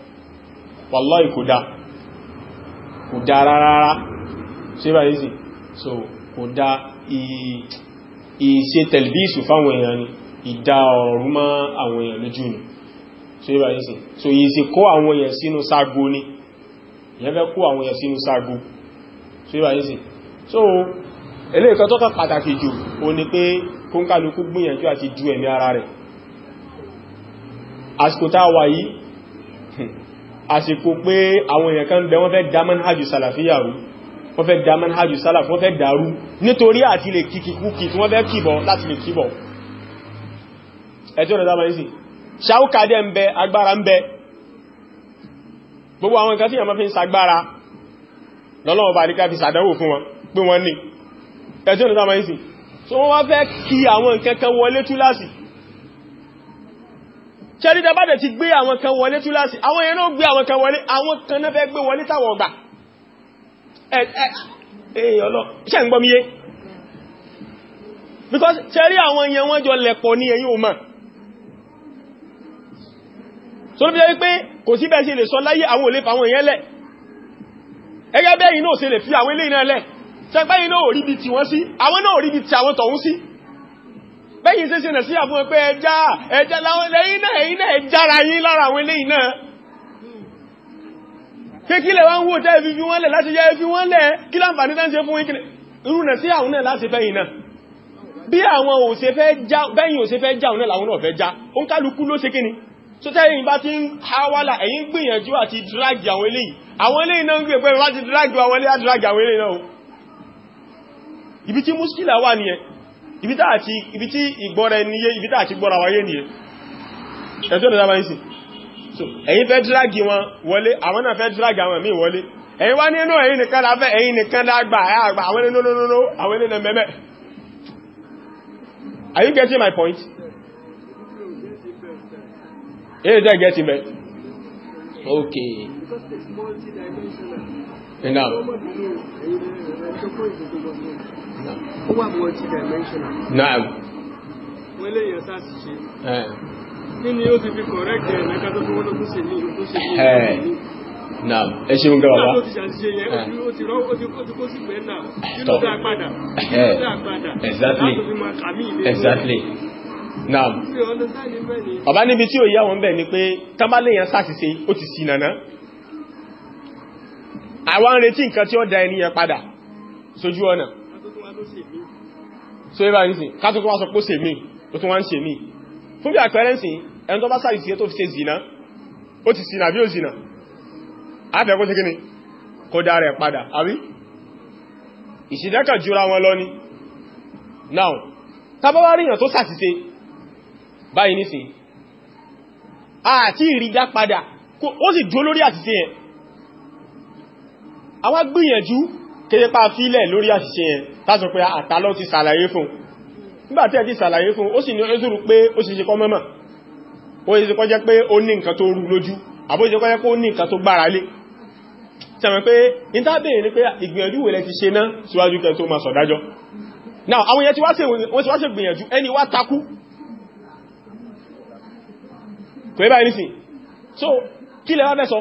wallahi kò dá kò dá rárá ṣe bá yìí so kò dá ìṣe tẹ̀lbíṣù fáwọn èèyàn ni ìdá ọ̀rún mọ́ àwọn èèyàn lójú ni ṣe bá yìí so yìí ṣe kó àwọn èèyàn sínú ságo ni ìyẹn fẹ́ kó àwọn èèyàn sínú ságo ṣe bá yìí so ilé ìkan tọ́ka pàtàkì jù o ni pé kónkálukú gbìyànjú àti ju ẹ̀mí ara rẹ̀ àsìkò àsìkò pé àwọn èèyàn kan bẹ wọ́n fẹ́ dá manhajù sàlàfíyàwó wọ́n fẹ́ dá manhajù sàlàfí wọ́n fẹ́ dàrú nítorí àti lè kíkìkúkì tí wọ́n fẹ́ kìbọ̀ láti lè kìbọ̀ ẹjọ́ ọ̀dọ̀dá ma ń sì ṣáúkàdẹ́ ń bẹ agbára ń bẹ gbogbo àwọn nǹkan tí yàmọ́ fi ń sagbára lọ́lọ́wọ́ bá ríká fi sàdánwò fún wọn pé wọ́n ní ẹjọ́ ọ̀dọ̀dá ma ń sì so wọ́n wá fẹ́ kí àwọn nǹkan kan wọlé túláàsì ṣẹ́rí dábàdẹ̀ ti gbé àwọn kan wọlé túláàsì àwọn èèyàn gbé àwọn kan wọlé àwọn kan náà fẹ́ gbé wọlé táwọn ọgbà ẹ̀ẹ̀ọ̀lọ́ ṣẹ́ ń gbọmíyé because ṣẹ́rí àwọn èèyàn wọ́n jọ lẹ̀pọ̀ ní ẹ̀yìn òmà so ló fi jẹ́ pé kò sí bẹ́ẹ̀ ṣe lè sọ láyé àwọn òlé fàwọn èèyàn lẹ̀ ẹgẹ́ bẹ́ẹ̀ yìí náà ṣe lè fi àwọn ilé ìnáà lẹ̀ ṣẹ́gbẹ́ yìí náà rí bí ti wọ́n sí àwọn náà rí bí ti àwọn tọ̀hún sí bẹ́yìn sí ṣẹlẹ̀ sí àfún ẹgbẹ́ ẹjá ẹjá láwọn lẹ́yìn náà ẹ̀yìn náà ẹjára yín lára àwọn ilé iná kékílẹ̀ wá ń wò tẹ́ ìfífí wọ́n lẹ̀ láti yẹ ìfí wọ́n lẹ̀ kí láǹfààní tán ṣe fún irú nà sí àwọn náà láti fẹ́yìn náà bí àwọn bẹ́yìn òṣè fẹ́ já náà làwọn náà fẹ́ já ó ń kálukú ló ṣe kíni tó tẹ́yìn bá ti ń háwálà ẹ̀yìn gbìyànjú àti dráàgì àwọn eléyìí àwọn ibi tí múṣkìlà wà nìyẹn ibi tí ìgbọ́ra ẹniyé ibi tí gbọ́ra wáyé nìyẹ ẹ̀tọ́ ìdára báyìí sí so ẹ̀yin fẹ́ drági wọn wọlé àwọn náà fẹ́ drági àwọn míì wọlé ẹ̀yin wá nínú ẹ̀yin nìkan lábẹ́ ẹ̀yin nìkan lágbà àgbà àwọn ẹni lólólóló àwọn ẹni nà mẹ́mẹ́ are you getting my point? Hey, is that getting me? Okay because it's multi-dimensional. Ẹ̀nà. Ó wà multi-dimensional. Náà. Wọ́n lè yẹ sáà ṣe. Kí ni ó ti fi correct ẹ̀ náà kátó fún wọ́n eh. tó ṣe ní ìlú tó ṣe ní ìlú? Náà, ẹ ṣe ń gbọ́wọ́. Ó ti ṣàṣìṣe yẹn, eh. ó ti rọ́, ó ti kó sí pẹ́ náà. Kí ló dá padà? Kí ló eh. dá padà? Exactly. Láti fi máa kàmí ilé. Exactly naam ọba níbi tí ó yá wọn bẹ̀ ni pé tábálẹ̀ yẹn sáàsìse ó ti sí nàná àwa ń retí nǹkan tí ó da ẹniyàn padà sójú ọ̀nà so ibà ní sin ká tó tó wá sọ pé ṣe mí ó tún wá ń ṣe mí fún bí àpẹẹrẹ sí ẹni tó bá sáàrì sí tó fi ṣe zìnà ó ti sinà bí ó zìnà àfẹ́ kó kí ni kó dá rẹ̀ padà now tábọ́wá ríyàn tó sàṣìṣe báyìí nísìn àti ìrídá padà ó sì dúró lórí àṣìṣe àwa gbìyànjú kéyẹpá fílẹ̀ lórí àṣìṣe yẹn tásọ pé àtàlọ́ ti sàlàyé fún nígbàtí ẹ̀ ti sàlàyé fún ó sì ní ẹ́sùrù pé ó sì ṣe kọ́ mọ́mọ̀ ó sì kọ́ jẹ́ pé ó ní nǹkan tó rú lójú àbójẹ́ kọ́ jẹ́ pé ó ní nǹkan tó gbára lé sẹ́mọ̀ pé ìtàbẹ̀rẹ̀ ni pé ìgbìyànjú wẹ̀lẹ̀ ti ṣe náà síwájú kẹ́ tó máa sọ̀dájọ́ now àwọn yẹn tí wá ṣe gbìyànjú ẹni wá takú kò ẹ báyìí nísìn so kí lẹ wá fẹ́ sọ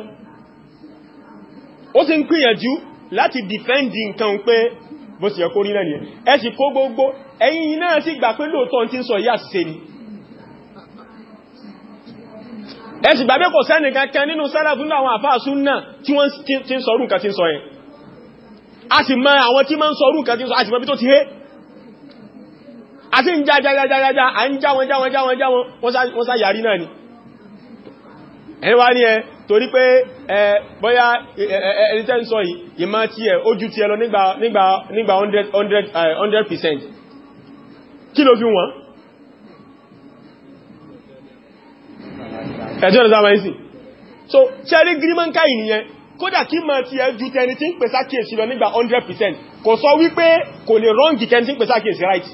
ó sì ń gbìyànjú láti dìfẹ́ndì nǹkan pé bó sì yẹ kó nìyẹn ẹ sì kó gbogbo ẹ̀yin náà sì gbà pé lóòótọ́ ti ń sọ ìyá àṣìṣe ni ẹ sì gbà pé kò sẹ́nì kankan nínú sálàfù ní àwọn àfáàsú náà tí wọ́n ti ń sọrú nǹkan ti ń sọ yẹn a sì mọ àwọn tí máa ń sọrú nǹkan ti ń sọ ni ẹ̀wá ni ẹ torí pé ẹ bóyá ẹni tẹ́ ń sọ yìí ìmá tí ẹ ojú tí ẹ lọ nígbà nígbà nígbà 100% kí ló fi wọ́n ẹjọ́ ìrọ̀sá máa ń sì so cherry greenman ká ìnìyàn kódà kí máa tí ẹ ju tẹni tí ń pèsà kíyèsí lọ nígbà 100% kò sọ wípé kò lè rọ́ǹgì tẹni tí ń pèsà kíyèsí right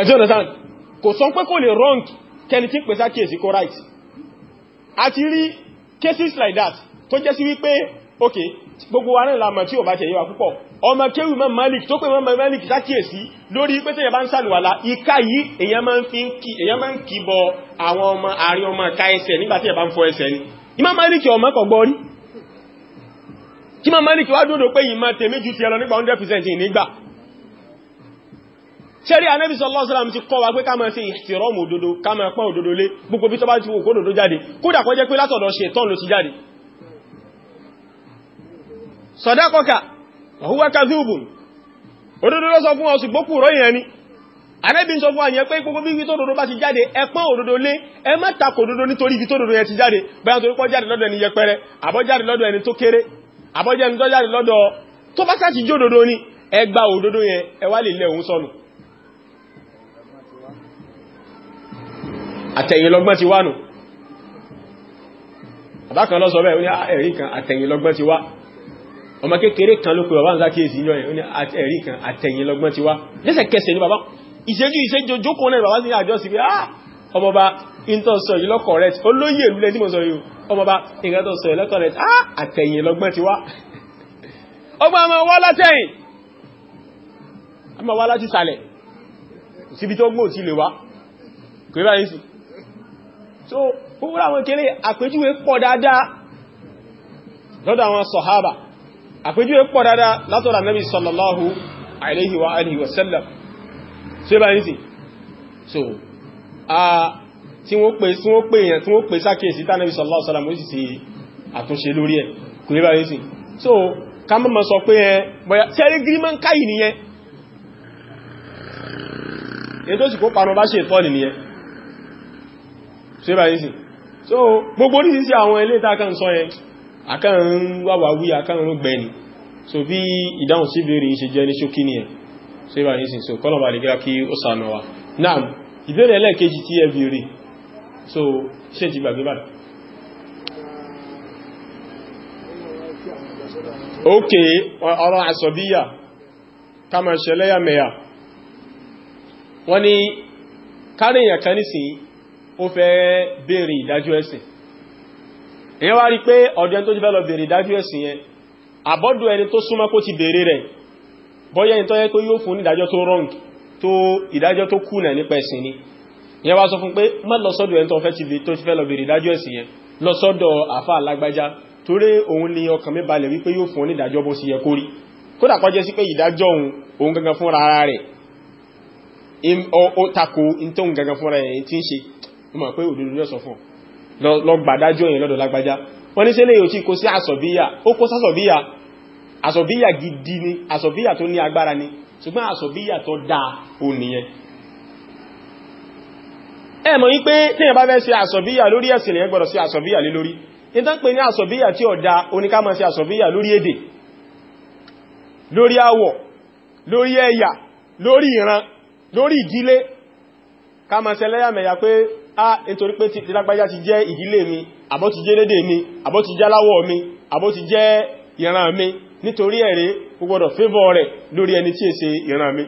ẹjọ́ ìrọ̀sá kò sọ pé kò lè rọ́ǹgì kẹni tí pèsè àkíyèsí kó right a ti rí cases like that tó jẹ́ sí wípé ok gbogbo wa náà lámọ̀ tí ò bá tẹ̀yẹ wa púpọ̀ ọmọ kéwì mọ́ malik tó pè mọ́ malik sákíyèsí lórí pé tẹ́yẹ bá ń sàlùwàlá ìka yìí èyàn máa ń fi ń kí èyàn máa ń kí bọ àwọn ọmọ àárín ọmọ ká ẹsẹ̀ nígbàtí ẹ̀ bá ń fọ ẹsẹ̀ ni ìmá malik ọmọ kọ̀ gbọ́ rí kí mọ́ malik wá dúdò pé ìmọ̀ tèmi ju ti ẹ lọ nígbà 100% nígbà ṣẹ́rí anábì sallallahu alaihi wasallam ti kọ́ wa pé ká máa ṣe ìhtìrọ́mù òdodo ká máa pọ́n òdodo lé gbogbo bí tó bá ti wò kó òdodo jáde kódà kó jẹ́ pé látọ̀dọ̀ ṣètán ló ti jáde sadaqaka wa huwa kadhubun òdodo ló sọ fún ọ ṣùgbọ́n kúrò yẹn ni anábì sọ fún àyẹn pé gbogbo bí tó òdodo bá ti jáde ẹ pọ́n òdodo lé ẹ má takò òdodo nítorí ibi tó òdodo yẹn ti jáde bẹ́ẹ̀ torí pọ́ jáde lọ́dọ̀ ẹni yẹpẹrẹ àbọ́ ni ẹ gba òdodo lè lẹ òun sọnù àtẹ̀yìnlọ́gbọ́n ti wá nù àbákan lọ́sọ bẹ́ẹ̀ ní ah, ẹ̀rí kan àtẹ̀yìnlọ́gbọ́n ti wá ọmọ kékeré kan ló pè bàbá ń sákèèsí yọ ẹ̀ ní ẹ̀rí kan àtẹ̀yìnlọ́gbọ́n ti wá lẹ́sẹ̀kẹsẹ̀ ní bàbá ìṣẹ́jú ìṣẹ́jú jókòó náà sí ah ọmọba ìntọ́ sọ yìí lọ́kọ̀ rẹ̀ olóyè ìlúlẹ̀ tí mo sọ yìí ọmọba ìgbà ah àtẹ̀yìnlọ́gbọ́n ti wá ọgbọ́n ọmọ wá látẹ̀yìn ọmọ wá láti sàlẹ̀ síbi tó gbò sí lè wá so púpọ̀ àwọn kéré àpèjúwe pọ̀ dáadáa lọ́dọ̀ àwọn sọ̀hábà àpèjúwe pọ̀ dáadáa látọ̀dọ̀ Ànábì sallallahu alaihi wa alihi wa sallam so ibà ní sí so tí wọ́n pè tí wọ́n pè èèyàn tí wọ́n pè sákèsí tánàbí sallallahu alaihi wa sallam ó sì ṣe àtúnṣe lórí ẹ̀ kò ibà ní sí so ká mọ́ mọ́ sọ pé ẹ bọ̀yá tí ẹrí gírímọ̀ ń káyì nìyẹn ètò sì kó parun bá ṣe ìtọ́ nìyẹn ṣe bá yìí sí so gbogbo ní sí àwọn ilé ìtàkàn sọ yẹn àkàn wàwà wí àkàn ló gbẹ̀ ni so bí ìdáhùn sí ìbéèrè ṣe jẹ́ ní ṣókí ni ẹ̀ ṣe bá yìí sí so kọ́lọ̀ bá lè gá kí ó sànà wa náà ìbéèrè ẹlẹ́ẹ̀kejì tí ẹ béèrè so ṣe ti gbàgbé bá ok ọ̀rọ̀ àsọ̀bíyà ká máa ṣẹlẹ́yàmẹ̀yà wọ́n ni káríyàn kan nísìnyí ó fẹ́ béèrè ìdájọ́ ẹ̀sìn èyàn wá rí pé ọ̀dọ̀ ẹni tó ti fẹ́ lọ béèrè ìdájọ́ ẹ̀sìn yẹn àbọ́dọ̀ ẹni tó súnmọ́ kó ti béèrè rẹ̀ bọ́yẹ́ ẹni tó yẹ pé yóò fún ìdájọ́ tó wrong tó ìdájọ́ tó kùnà nípa ẹ̀sìn ni ìyẹn wá sọ fún pé má lọ sọ́dọ̀ ẹni tó ti fẹ́ ni ọkàn mi balẹ̀ wípé yóò fún ní ìdájọ́ bó sì yẹ kó rí kódà kó jẹ́ sí pé ìdájọ́ òun òun gangan fúnra tako ní tóun gangan fúnra rẹ̀ ti ń ṣe ó mọ̀ pé òdodo ní ọ̀sọ̀ fún lọ gbàdájọ́ yẹn lọ́dọ̀ lágbájá wọ́n ní sẹ́lẹ̀ yóò tí kó sí àsọ̀bíyà ó kó sásọ̀bíyà àsọ̀bíyà gidi ni àsọ̀bíyà tó ní agbára ni ṣùgbọ́n àsọ̀bíyà tó dáa ò nìyẹn ẹ mọ̀ yí pé téèyàn bá fẹ́ ṣe àsọ̀bíyà lórí ẹ̀sìn lèyàn gbọ́dọ̀ ṣe àsọ̀bíyà lé lórí nítorí pé ní àsọ̀bíyà tí ó dáa oníká máa ṣe àsọ̀bíyà lórí èdè lórí àwọ̀ lórí ẹ̀yà lórí ìran lórí ìdílé ká máa ṣe pé ah nítorí pé ti lágbájá ti jẹ́ ìdílé mi àbọ́ ti jẹ́ lédè mi àbọ́ ti jáláwọ̀ mi àbọ́ ti jẹ́ ìran mi nítorí ẹ̀rẹ́ gbogbo fẹ́vọ̀ rẹ̀ lórí ẹni tí è ṣe ìran mi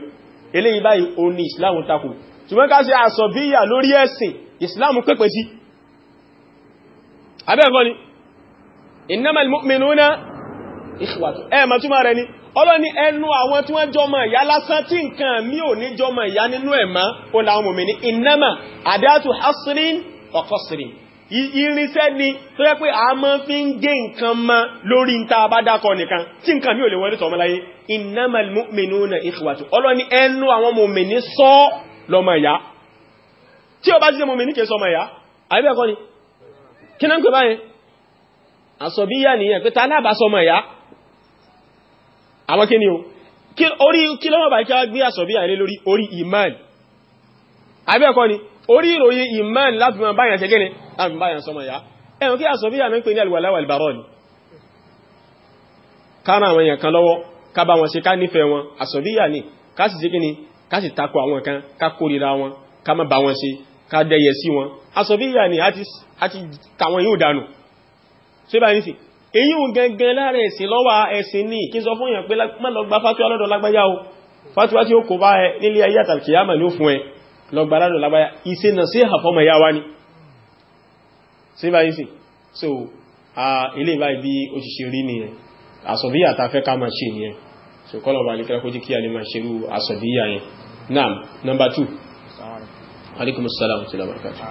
eléyìí báyìí ó ní ìsìláàmù takò ṣùgbọ́n ká ṣe àsọ̀bíyà lórí ìṣùwàtò ẹ mà túmọ̀ rẹ̀ ni ọlọ́ni ẹnu àwọn tí wọ́n jọmọ ìyá lásán tí nǹkan mí ò ní jọmọ ìyá nínú ẹ̀ mọ́ ó làwọn mòmìnì ìnámà àdáàtù hasrin ọ̀kọ́srin irinṣẹ́ ni tó yẹ pé a máa fi ń gé nǹkan mọ lórí ń ta bá dákọ nìkan tí nǹkan mí ò lè wọlé tọmọ láyé innamal mu'minuna ikhwatu ọlọ́ni ẹnu àwọn mòmìnì sọ lọmọ ìyá tí ó bá jíjẹ mòmìnì kìí sọmọ ìyá àbíbẹ̀kọ́ ni kí náà ń pè báyẹn àsọ̀bíyà nìyẹn pé ta alábàásọmọ ìyá àwọn kí ni o orí kí lọ́wọ́ bá kí a gbé àsọ̀bí àìlé lórí orí iman àbẹ́ẹ̀kọ́ ni orí ìròyìn iman láti mọ̀ báyàn ṣẹ́gẹ́ni láti báyàn sọmọ̀ ya ẹ̀rùn kí àsọ̀bí àmì ń pè ní alwala wal bara ni kára àwọn èèyàn kan lọ́wọ́ ká bá wọn ṣe ká nífẹ̀ẹ́ wọn àsọ̀bí yà ní ká sì ṣe ká sì takò àwọn kan èyí ò gangan lára ẹ̀sìn lọ́wà ẹ̀sìn ní kí n sọ fún èèyàn pé mọ́lọ́gbà fatuwa lọ́dọ̀ lágbájá o fatuwa tí ó kò bá ẹ nílé ayé àtàkìyàmà ní ó fún ẹ lọ́gbà lọ́dọ̀ lágbájá iṣẹ́ nà sí àfọ́mọ̀ yá wá ní síbáyìí so ilé ìbáyìí bí ó ṣe ṣe rí nìyẹn àsọ̀bíyà ta fẹ́ ká máa ṣe nìyẹn so kọ́lọ̀ bá nìkan kójí kí a lè máa ṣe rú àsọ̀bíyà yẹn naam number two alaikum salam wa rahmatullahi wa barakatuh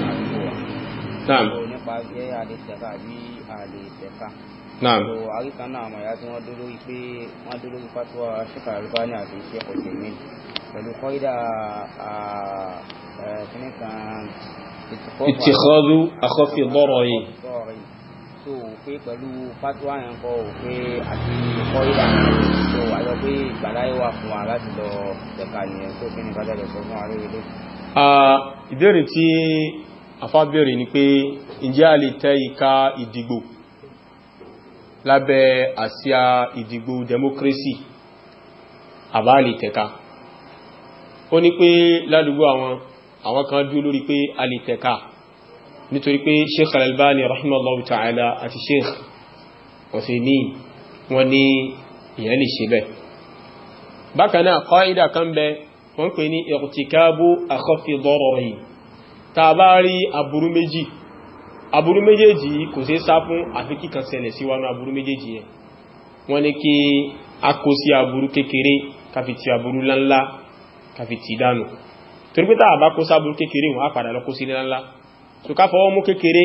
ah, Naam. So nípa pé a lè àbí a Naam. So àríkà náà àmọ̀ ìyá tí wọ́n dúró lórí pé wọ́n dúró lórí fatuwa ṣíkà àríkà àti iṣẹ́ ọ̀sẹ̀ mi. Pẹ̀lú kọ́ídà kíní kan. Ìtìkọ́dú àkọ́fì lọ́rọ̀ yìí. So pé pẹ̀lú fatuwa yẹn kọ́ ò pé àti kọ́ídà so àyọ pé ìgbàláyé wà fún wa láti lọ tẹ̀ka nìyẹn tó kí ni ká jáde sọ fún wa lórí ilé. Ìbéèrè tí afábẹ̀rẹ̀ ni pé ǹjẹ́ a lè tẹ ìka ìdìgbò lábẹ́ àsíá ìdìgbò democracy àbá lè tẹ̀ka ó ní pé ládùúgbò àwọn àwọn kan dúró lórí pé a lè tẹ̀ka nítorí pé Sheikh Al-Albani rahimahullahu ta'ala àti Sheikh Uthaymeen wọ́n ní ìyẹn lè ṣe bẹ́ẹ̀ bákan náà qaida kan bẹ wọ́n pè ní irtikabu akhaffi dararayn tá bá rí aburú méjì aburú méjèèjì kò ṣeé sá fún àfi kí kan ṣẹlẹ̀ sí wa ní aburú méjèèjì yẹn wọ́n ní kí a kó sí aburú kékeré káfi ti aburú ńláńlá káfi ti dànù torí pé tá a bá kó sáburú kékeré wọn á lọ kó sí ńláńlá so ká mú kékeré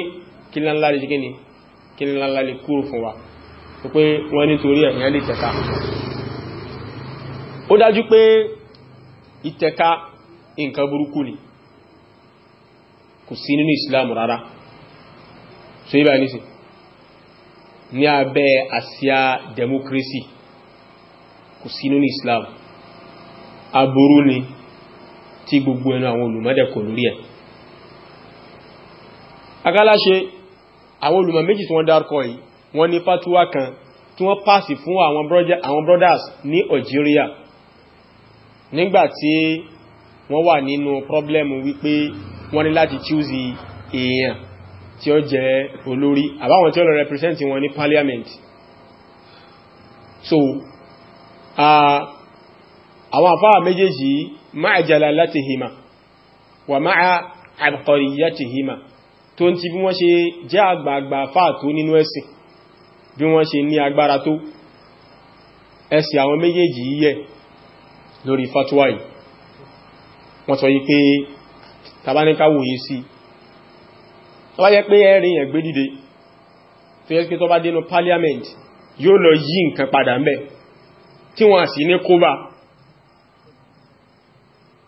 kí ńláńlá lè jẹ́ kí ńláńlá lè kúrò fún wa pé wọ́n nítorí ẹ̀yàn lè tẹ̀ka ó dájú pé ìtẹ̀ka nǹkan burúkú ni kò sí nínú islam rárá so yíba nísìn ní abẹ́ àsíá democracy kò sí nínú islam aburú ni tí gbogbo ẹnu àwọn olùmọ́dẹ̀kọ̀ lórí ẹ̀ agáláṣe àwọn olùmọ̀ méjì tí wọ́n dárúkọ yìí wọ́n ní fatuwa kan tí wọ́n pàsì fún àwọn brothers ní Algeria nígbàtí wọ́n wà nínú problem wípé wọ́n ní láti chúzi èèyàn tí ó jẹ́ olórí àbáwọn tí ó lọ represent wọn ní parliament so àwọn àfáà méjèèjì máa jẹ́lá láti hìmà wà máa àbkọ̀ríyà ti hìmà tó ń ti bí wọ́n ṣe jẹ́ àgbààgbà àfáà tó nínú ẹ̀sìn bí wọ́n ṣe ní agbára tó ẹ̀sìn àwọn méjèèjì yíyẹ lórí fatwa yìí wọ́n sọ yí pé tàbáníkàwòye sí tó bá jẹ́ pé ẹ̀rin yẹn gbé dìde tó yẹ́ pé tó bá dénú parliament yóò lọ yí nǹkan padà ń bẹ̀ tí wọ́n sì ní kóbà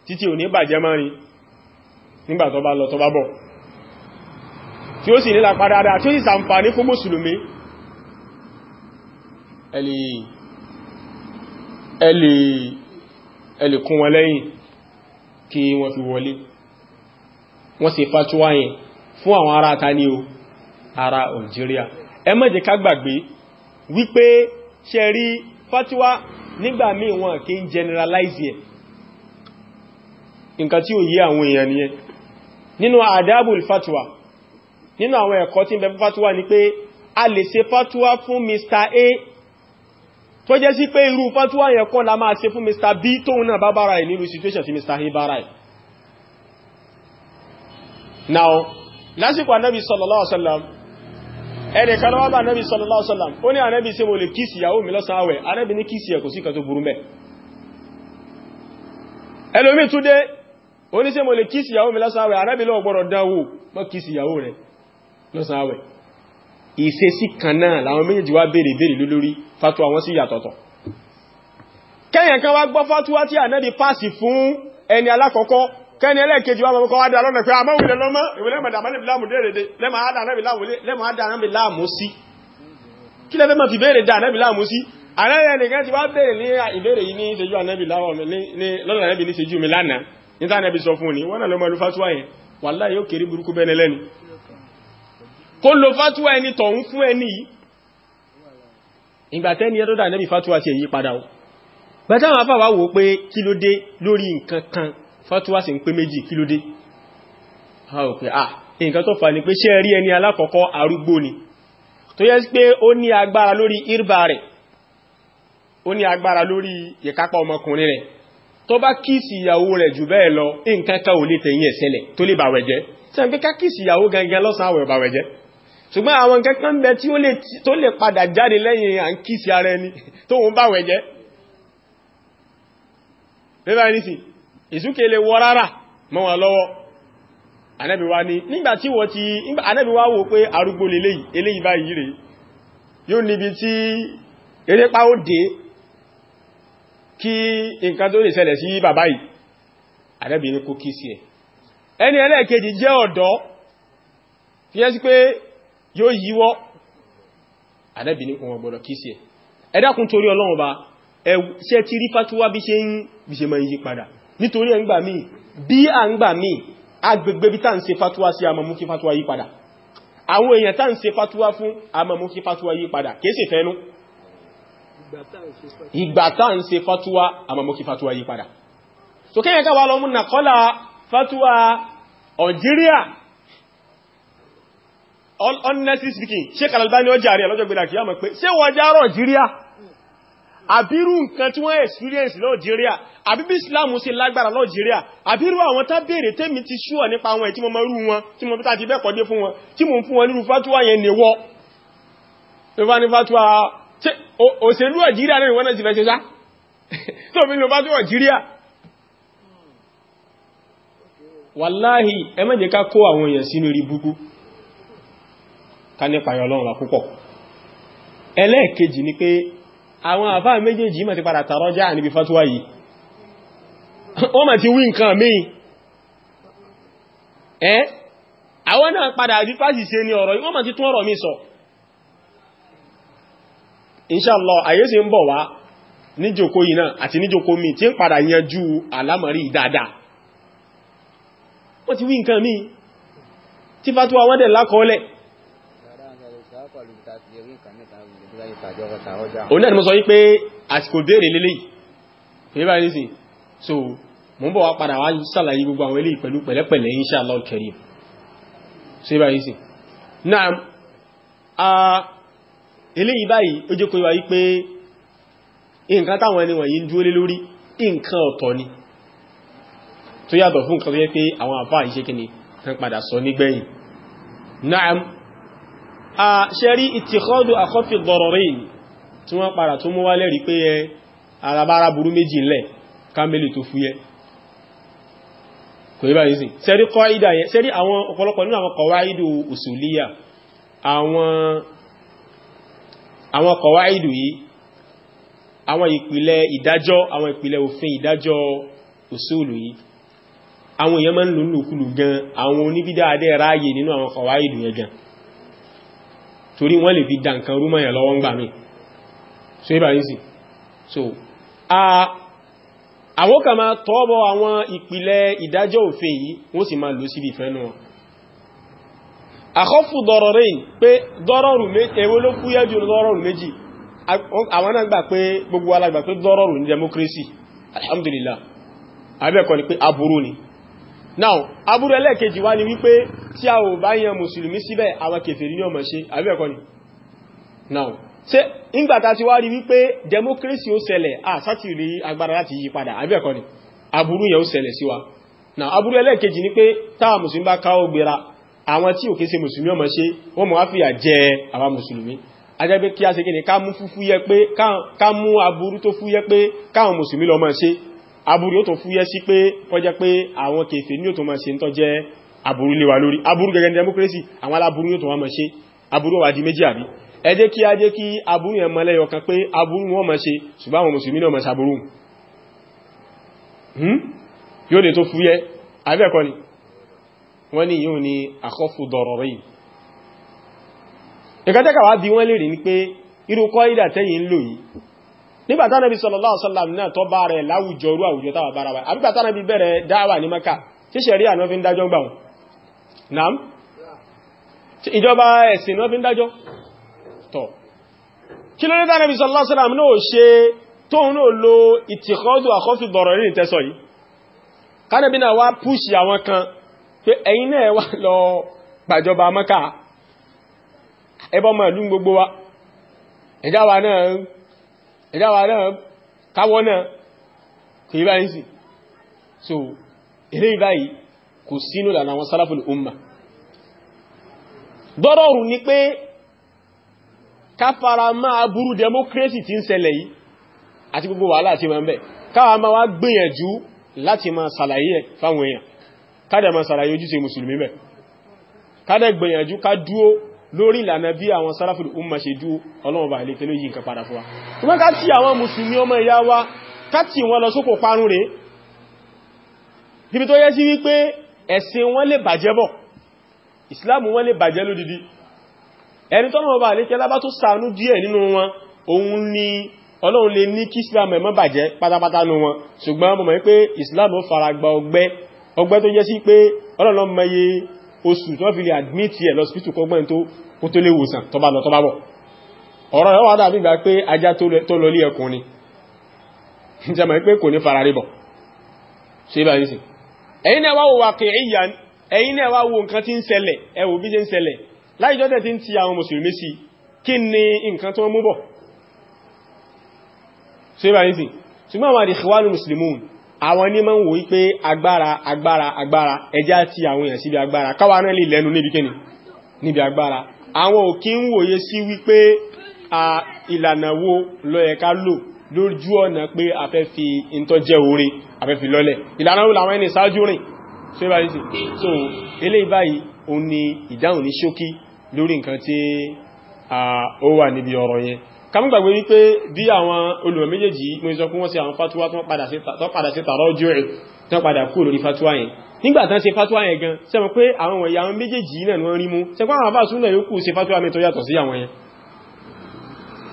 títí ò ní bàjẹ́ mọ́rin nígbà tó bá lọ tó bá bọ̀ tí ó sì nílà padà tí ó sì ṣàǹfààní fún mùsùlùmí ẹlì kún wọn lẹ́yìn kí wọ́n fi wọlé wọ́n ṣe fatuwa yẹn fún àwọn ará ta ní o ará Algeria ẹ má jẹ́ ká gbàgbé wípé ṣe rí fatuwa nígbà míì wọn kí ń generalize ẹ̀ nǹkan tí ó yí àwọn èèyàn nìyẹn nínú adabul fatuwa nínú àwọn ẹ̀kọ́ tí ń bẹ fún ni pé a lè ṣe fatuwa fún Mr. A tó jẹ́ sí pé irú fatuwa yẹn kọ́ la máa ṣe fún Mr. B tóun náà bá bára ẹ̀ nínú situation tí Mr. A bára ẹ̀ now lásìkò anabi sallallahu alaihi wasallam ẹni kan wá bá anábì sallallahu alaihi wasallam ó ní anábì ṣé mo lè kíìsì ìyàwó mi lọ́sàn àwẹ̀ anábì ní kíìsì ẹ̀ kò sí kan tó burú mẹ́ ẹlòmí tún dé ó ní ṣé mo lè kíìsì ìyàwó mi lọ́sàn àwẹ̀ anábì ló gbọ́dọ̀ dáwò mọ́ kíìsì ìyàwó rẹ̀ lọ́sàn àwẹ̀ ìṣesí kan náà làwọn méjèèjì wá béèrè béèrè lórí fatuwa wọn kẹ́ni ẹlẹ́ẹ̀kejì wá bọ́kọ́ wádà lọ́nà pé àmọ́ ìlẹ̀ lọ́mọ́ ìwẹ̀lẹ́ mọ̀dàmọ́lẹ̀ láàmù dẹ́rẹ̀dẹ́ lẹ́mọ̀ àdànàbì láàmù sí kí lẹ́fẹ́ mọ̀ fi bẹ́ẹ̀rẹ̀ dànàbì láàmù sí àrẹ́rẹ́ nìkan ti wá bẹ̀rẹ̀ ní ìbẹ̀rẹ̀ yìí ní ìṣẹ́jú ànàbì láàmù ní lọ́nà bẹ̀tẹ́ àwọn afáwà wò pé kí ló dé lórí nǹkan kan fatuwa sì ń pé méjì kí ló dé ha ò pé à ah, nǹkan tó fà ní pé ṣé rí ẹni alákọ̀ọ́kọ́ arúgbó ni tó yẹ pé ó ní agbára lórí irba rẹ̀ ó ní agbára lórí ìkápá ọmọkùnrin rẹ̀ tó bá kíìsì ìyàwó rẹ̀ jù bẹ́ẹ̀ lọ nǹkan kan ò lè tẹ̀yìn ẹ̀sẹ̀lẹ̀ tó lè bàwẹ̀ jẹ́ sọ pé ká kíìsì ìyàwó gangan lọ́sàn-án àwẹ̀ bàwẹ̀ jẹ́ ṣùgbọ́n àwọn nǹkan kan bẹ tí ó lè padà jáde lẹ́yìn à ń kíìsì ara ẹni tó ń bàwẹ̀ bẹ́ẹ̀ bá ní sìn ìsúkè lè wọ rárá mọ́ wọn lọ́wọ́ anẹ́bí wá ní nígbà tí wọ́n ti anẹ́bí wá wò pé arúgbó lèléyìí eléyìí báyìí rèé yóò níbi tí erépa ó dé kí nǹkan tó lè ṣẹlẹ̀ sí bàbá yìí anẹ́bí torí Ọlọ́run ba ṣe ti rí fatuwa bí ṣe ń bí ṣe máa ń padà nítorí ẹ̀ngbà míì bí a ń gbà míì agbègbè bí tá ń ṣe fatuwa sí àmàmú kí fatuwa yí padà àwọn èèyàn tá ń ṣe fatuwa fún àmàmú kí fatuwa yí padà kìí ṣe fẹ́nu ìgbà tá ń ṣe fatuwa àmàmú kí fatuwa yí padà so kẹ́yẹn ká lọ múnà kọ́lá fatuwa Algeria honestly speaking Sheikh Al-Albani ọjà rẹ̀ lọ́jọ́ gbẹ̀dà kìí àmà pé ṣé wọ́n járọ̀ Algeria àbírú nǹkan tí wọ́n experience lọ́jíríà àbí bí islam ṣe lágbára lọ́jíríà àbírú àwọn tá bèèrè tèmi ti ṣúọ̀ nípa àwọn ẹ̀ tí mo mọ́ rú wọn tí mo tàbí bẹ́ẹ̀kọ́ dé fún wọn tí mo ń fún wọn nírú fatuwa yẹn nìwọ́ òṣèlú ọ̀jíríà náà wọ́n náà ti fẹ́ ṣe sá tó fi lọ fatuwa ọ̀jíríà wàláhì ẹ má jẹ́ ẹlẹ́ẹ̀kejì ni pé àwọn àfáà méjèèjì ma ti padà tàrọjá níbi fatuwa yìí wọ́n ma ti wí nǹkan míì ẹ́ àwọn náà padà bí fásì ṣe ní ọ̀rọ̀ yìí wọ́n ma ti tún ọ̀rọ̀ míì sọ inṣàlọ́ àyè sì ń bọ̀ wá níjòkó yìí náà àti níjòkó míì tí ń padà yanjú àlámọ̀rí dáadáa wọ́n ti wí nǹkan míì tí fatuwa wọ́n dẹ̀ lákọọ́lẹ̀ òun náà ni mo sọ yí pé àsìkò béèrè lélẹ́yìí pé báyìí so mo ń bọ̀ wá padà wá sàlàyé gbogbo àwọn eléyìí pẹ̀lú pẹ̀lẹ́pẹ̀lẹ́ insha a eléyìí báyìí ó jẹ́ kó yíwa yí pé nǹkan táwọn ẹni wọ̀nyí ń dúó lé lórí nǹkan ọ̀tọ̀ ni tó a ṣẹ́rí ìtìkọ́dù àkọ́fì dọ̀rọ̀rìn tí wọ́n padà tó mú wálẹ̀ rí pé ẹ arabára burú méjì ńlẹ̀ kámẹ́lì tó fúyẹ́ kò yíba yìí ṣẹ́rí kọ́ ìdà yẹn ṣẹ́rí àwọn ọ̀pọ̀lọpọ̀ nínú àwọn kọ̀wáìdù usuliyya àwọn kọ̀wáìdù yìí àwọn ìpìlẹ̀ ìdájọ́ àwọn ìpìlẹ̀ òfin ìdájọ́ usulu yìí àwọn èèyàn máa ń lò lòkulù gan àwọn oníbídà ráàyè nínú àwọn kọ̀wáìdù yẹn gan torí wọ́n lè fi dá nǹkan rú mọ́yàn lọ́wọ́ ń gbà mí so ibà yìí sì so àwọn kan máa tọ́ọ̀bọ̀ àwọn ìpìlẹ̀ ìdájọ́ òfin yìí wọ́n sì máa lò síbi ìfẹ́ náà àkọ́fù dọ̀rọ̀rìn pé dọ́rọ̀rù méjì democracy alhamdulillah abẹ́ẹ̀kọ́ ni pé aburú now aburú ẹlẹ́ẹ̀kejì wá ní wípé tí a ò bá yan mùsùlùmí síbẹ̀ àwọn kèfèrí ní ọmọ ṣe àbẹ́ẹ̀kọ́ ni now ṣe ìgbàta ti wá rí wípé democracy ó ṣẹlẹ̀ àsátì rí agbára láti yí padà àbẹ́ẹ̀kọ́ ni aburú yẹn ó ṣẹlẹ̀ sí wa now aburú ẹlẹ́ẹ̀kejì ní pé táà mùsùlùmí bá káwọ́ gbéra àwọn tí ò kí ṣe mùsùlùmí ọmọ ṣe wọ́n mọ̀ wá fìyà jẹ àwọn mùsùlùmí ajẹ́gbé kí a ṣe kí ṣe aburú yóò tó fúyẹ́ sí pé kọjá pé àwọn kèfè ní òtò máa ṣe ń tọ́ jẹ́ aburú lé wa lórí aburú gẹ́gẹ́ democracy àwọn aláburú yóò tó wá máa ṣe aburú wà di méjì àbí ẹ jẹ́ kí a jẹ́ kí aburú yẹn mọ́lẹ̀ yọ kan pé aburú wọn máa ṣe ṣùgbọ́n àwọn mùsùlùmí náà máa nígbàtá nàbí sallallahu alaihi wasallam náà tó bá rẹ̀ láwùjọrú àwùjọ táwà bára wa àbígbàtá nàbí bẹ̀rẹ̀ dáwà ní maka tí sẹ̀rí àná fi ń dájọ́ gbà wọn naam ìjọba ẹ̀sìn náà fi ń dájọ́ tọ̀ kí ló nígbà nàbí sallallahu alaihi wasallam náà ṣe tóun náà lo ìtìkọ́dù àkọ́fì bọ̀rọ̀ rí ìtẹ́sọ̀ yìí kánàbí náà wá púṣì àwọn kan pé ẹ̀yin náà wà lọ ẹ̀dáwà náà káwọ́ so eré ìbáyìí kò sínú lànà àwọn sálàfùl umma dọ́rọ̀rù ni pé káfàrà máa burú democracy ti ń ṣẹlẹ̀ yìí àti gbogbo wàhálà tí ma ń bẹ̀ káwà máa wá gbìyànjú láti máa sàlàyé fáwọn èèyàn kádà máa sàlàyé ojúṣe mùsùlùmí bẹ̀ kádà gbìyànjú ká dúó lórí ìlànà bí àwọn sáráfù umma ṣe dú ọlọ́ọ̀bà àlékẹ́ ló yí nǹkan padà fún wa wọ́n ká tí àwọn mùsùlùmí ọmọ ìyá wa ká tí wọ́n lọ sókò parun rẹ̀ níbi tó yẹ sí wípé ẹ̀sìn wọn lè bàjẹ́ bọ̀ ìsìláàmù wọn lè bàjẹ́ lódìdí ẹni tọ́lọ́ọ̀bà àlékẹ́ lábá tó ṣàánú díẹ̀ nínú wọn òun ni ọlọ́run lè ní kí islam ẹ̀mọ́ bàjẹ́ oṣù tó fi lè admit yẹ lọ sípítù kọgbọ́n tó kó tó lè wòsàn tó bá lọ tó bá bọ̀ ọ̀rọ̀ rẹ̀ wà dàbí ìgbà pé ajá tó lọ lé ẹkùn ni jẹmọ̀ pé kò ní fararí bọ̀ ṣe bá yìí ẹ̀yin náà wá wo waqi'iyan ẹ̀yin náà wá wo nǹkan tí ń ṣẹlẹ̀ ẹ wò bí ṣe ń ṣẹlẹ̀ láìjọ́ tẹ̀ tí ń ti àwọn mùsùlùmí sí kí ni nǹkan tó mú bọ̀ ṣe bá yìí ṣùgbọ́n àwọn àdìsíwálù mùsùlùmí àwọn ní máa ń wò wípé agbára agbára agbára ẹjá ti àwọn èèyàn síbi agbára káwa náà lè lẹ́nu níbi kíni níbi agbára àwọn ò kí ń wòye sí wípé ìlànà wo ló yẹ ká lò lójú ọ̀nà pé a fẹ́ fi ìntọ́jẹ́ orí a fẹ́ fi lọ́lẹ̀ ìlànà wo làwọn ẹni sáájú rìn so ibáyìí so eléyìí báyìí òun ni ìdáhùn ní ṣókí lórí nǹkan tí ó wà níbi ọ̀rọ̀ yẹn kàmgbàgbé wípé bí àwọn olùmọ̀ méjèèjì mo sọ fún wọ́n sí àwọn fatuwa tó padà sí tààrọ ojú rẹ̀ tó padà kú lórí fatuwa yẹn nígbà tán ṣe fatuwa yẹn gan ṣe mọ̀ pé àwọn wọ̀nyí àwọn méjèèjì náà ni wọ́n rí mú ṣe pé àwọn àbá súnà yókù ṣe fatuwa mi tó yàtọ̀ sí àwọn yẹn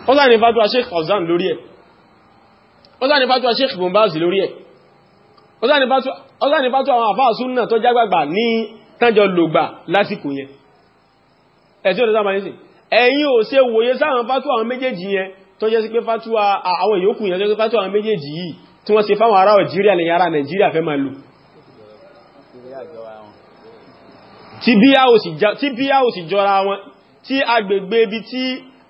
ó sáà ní fatuwa Sheikh Fawzan lórí ẹ̀ ó sáà ní ẹ̀yin ò ṣe wòye sáwọn fátúwà àwọn méjèèjì yẹn tó jẹ́ sí pé fátúwà àwọn ìyókù yẹn tó jẹ́ fátúwà àwọn méjèèjì yìí tí wọ́n ṣe fáwọn ará Algeria lẹ́yìn ará Nàìjíríà fẹ́ máa lò tí bíyà ò sì jọra wọn tí agbègbè ibi tí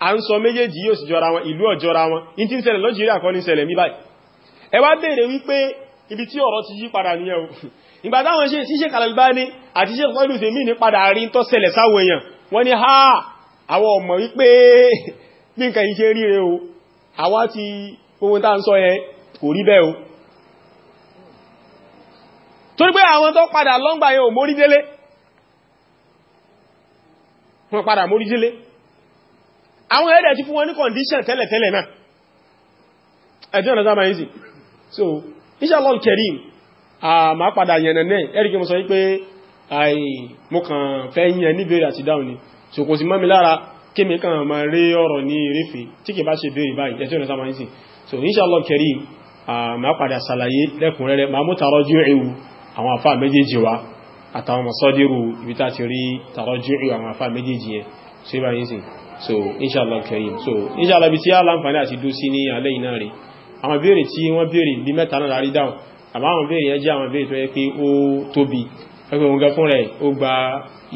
a ń sọ méjèèjì yóò sì jọra wọn ìlú ọ̀jọra wọn in ti ń ṣẹlẹ̀ lọ́jìríà kọ́ ní wọ́n ní háà àwọn ọmọ wípé bí nǹkan yìí ṣe ríre o àwa ti ohun tá ń sọ yẹn kò rí bẹ́ẹ̀ o torí pé àwọn tó padà lọ́ngbà yẹn ò mórí délé wọ́n padà mórí délé àwọn ẹ̀dẹ̀ ti fún wọn ní condition tẹ́lẹ̀tẹ́lẹ̀ náà ẹ̀dẹ́ ọ̀nà sáàmà kerim a ma padà yẹn nẹ́ ẹ̀rí kí mo sọ wípé mo kàn fẹ́ yẹn níbẹ̀rẹ̀ so kò sí mọ́ mi lára kémi kan ma rí ọ̀rọ̀ ní rífì tí kì bá ṣe béèrè báyìí ẹ̀tí ọ̀nà sáma ní sí so inshallah karim ma padà ṣàlàyé lẹ́kùnrẹ́rẹ́ ma mú tàrọjú ewu àwọn àfáà méjèèjì wa àtàwọn masadiru ibi tá ti rí tàrọjú ewu àwọn àfáà so inshallah karim so inshallah bí tí a láǹfààní àti dó sí ní alẹ́ iná rí àwọn béèrè tí wọ́n béèrè bí mẹ́ta náà lárí dáhùn àmọ́ àwọn béèrè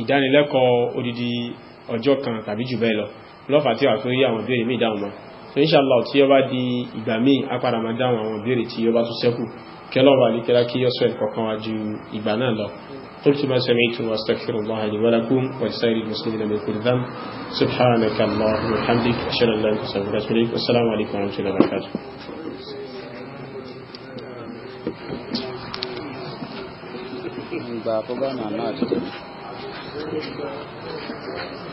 ìdánilẹ́kọ̀ọ́ odidi ọjọ́ kan tàbí jù bẹ́ẹ̀ lọ lọ́fà tí wà fún yí àwọn ìbéèrè míì dáhùn mọ́ so inshallah tí ó bá di ìgbà míì á padà máa dáhùn àwọn ìbéèrè tí ó bá tún sẹ́kù kẹlọ́wà ní kẹlá kí yọ́sọ̀ ẹ̀kọ̀kan wá ju ìgbà náà lọ قلت ما سمعت واستغفر الله لي ولكم ولسائر المسلمين من كل ذنب سبحانك اللهم وبحمدك اشهد ان لا اله الا انت والسلام عليكم ورحمه الله وبركاته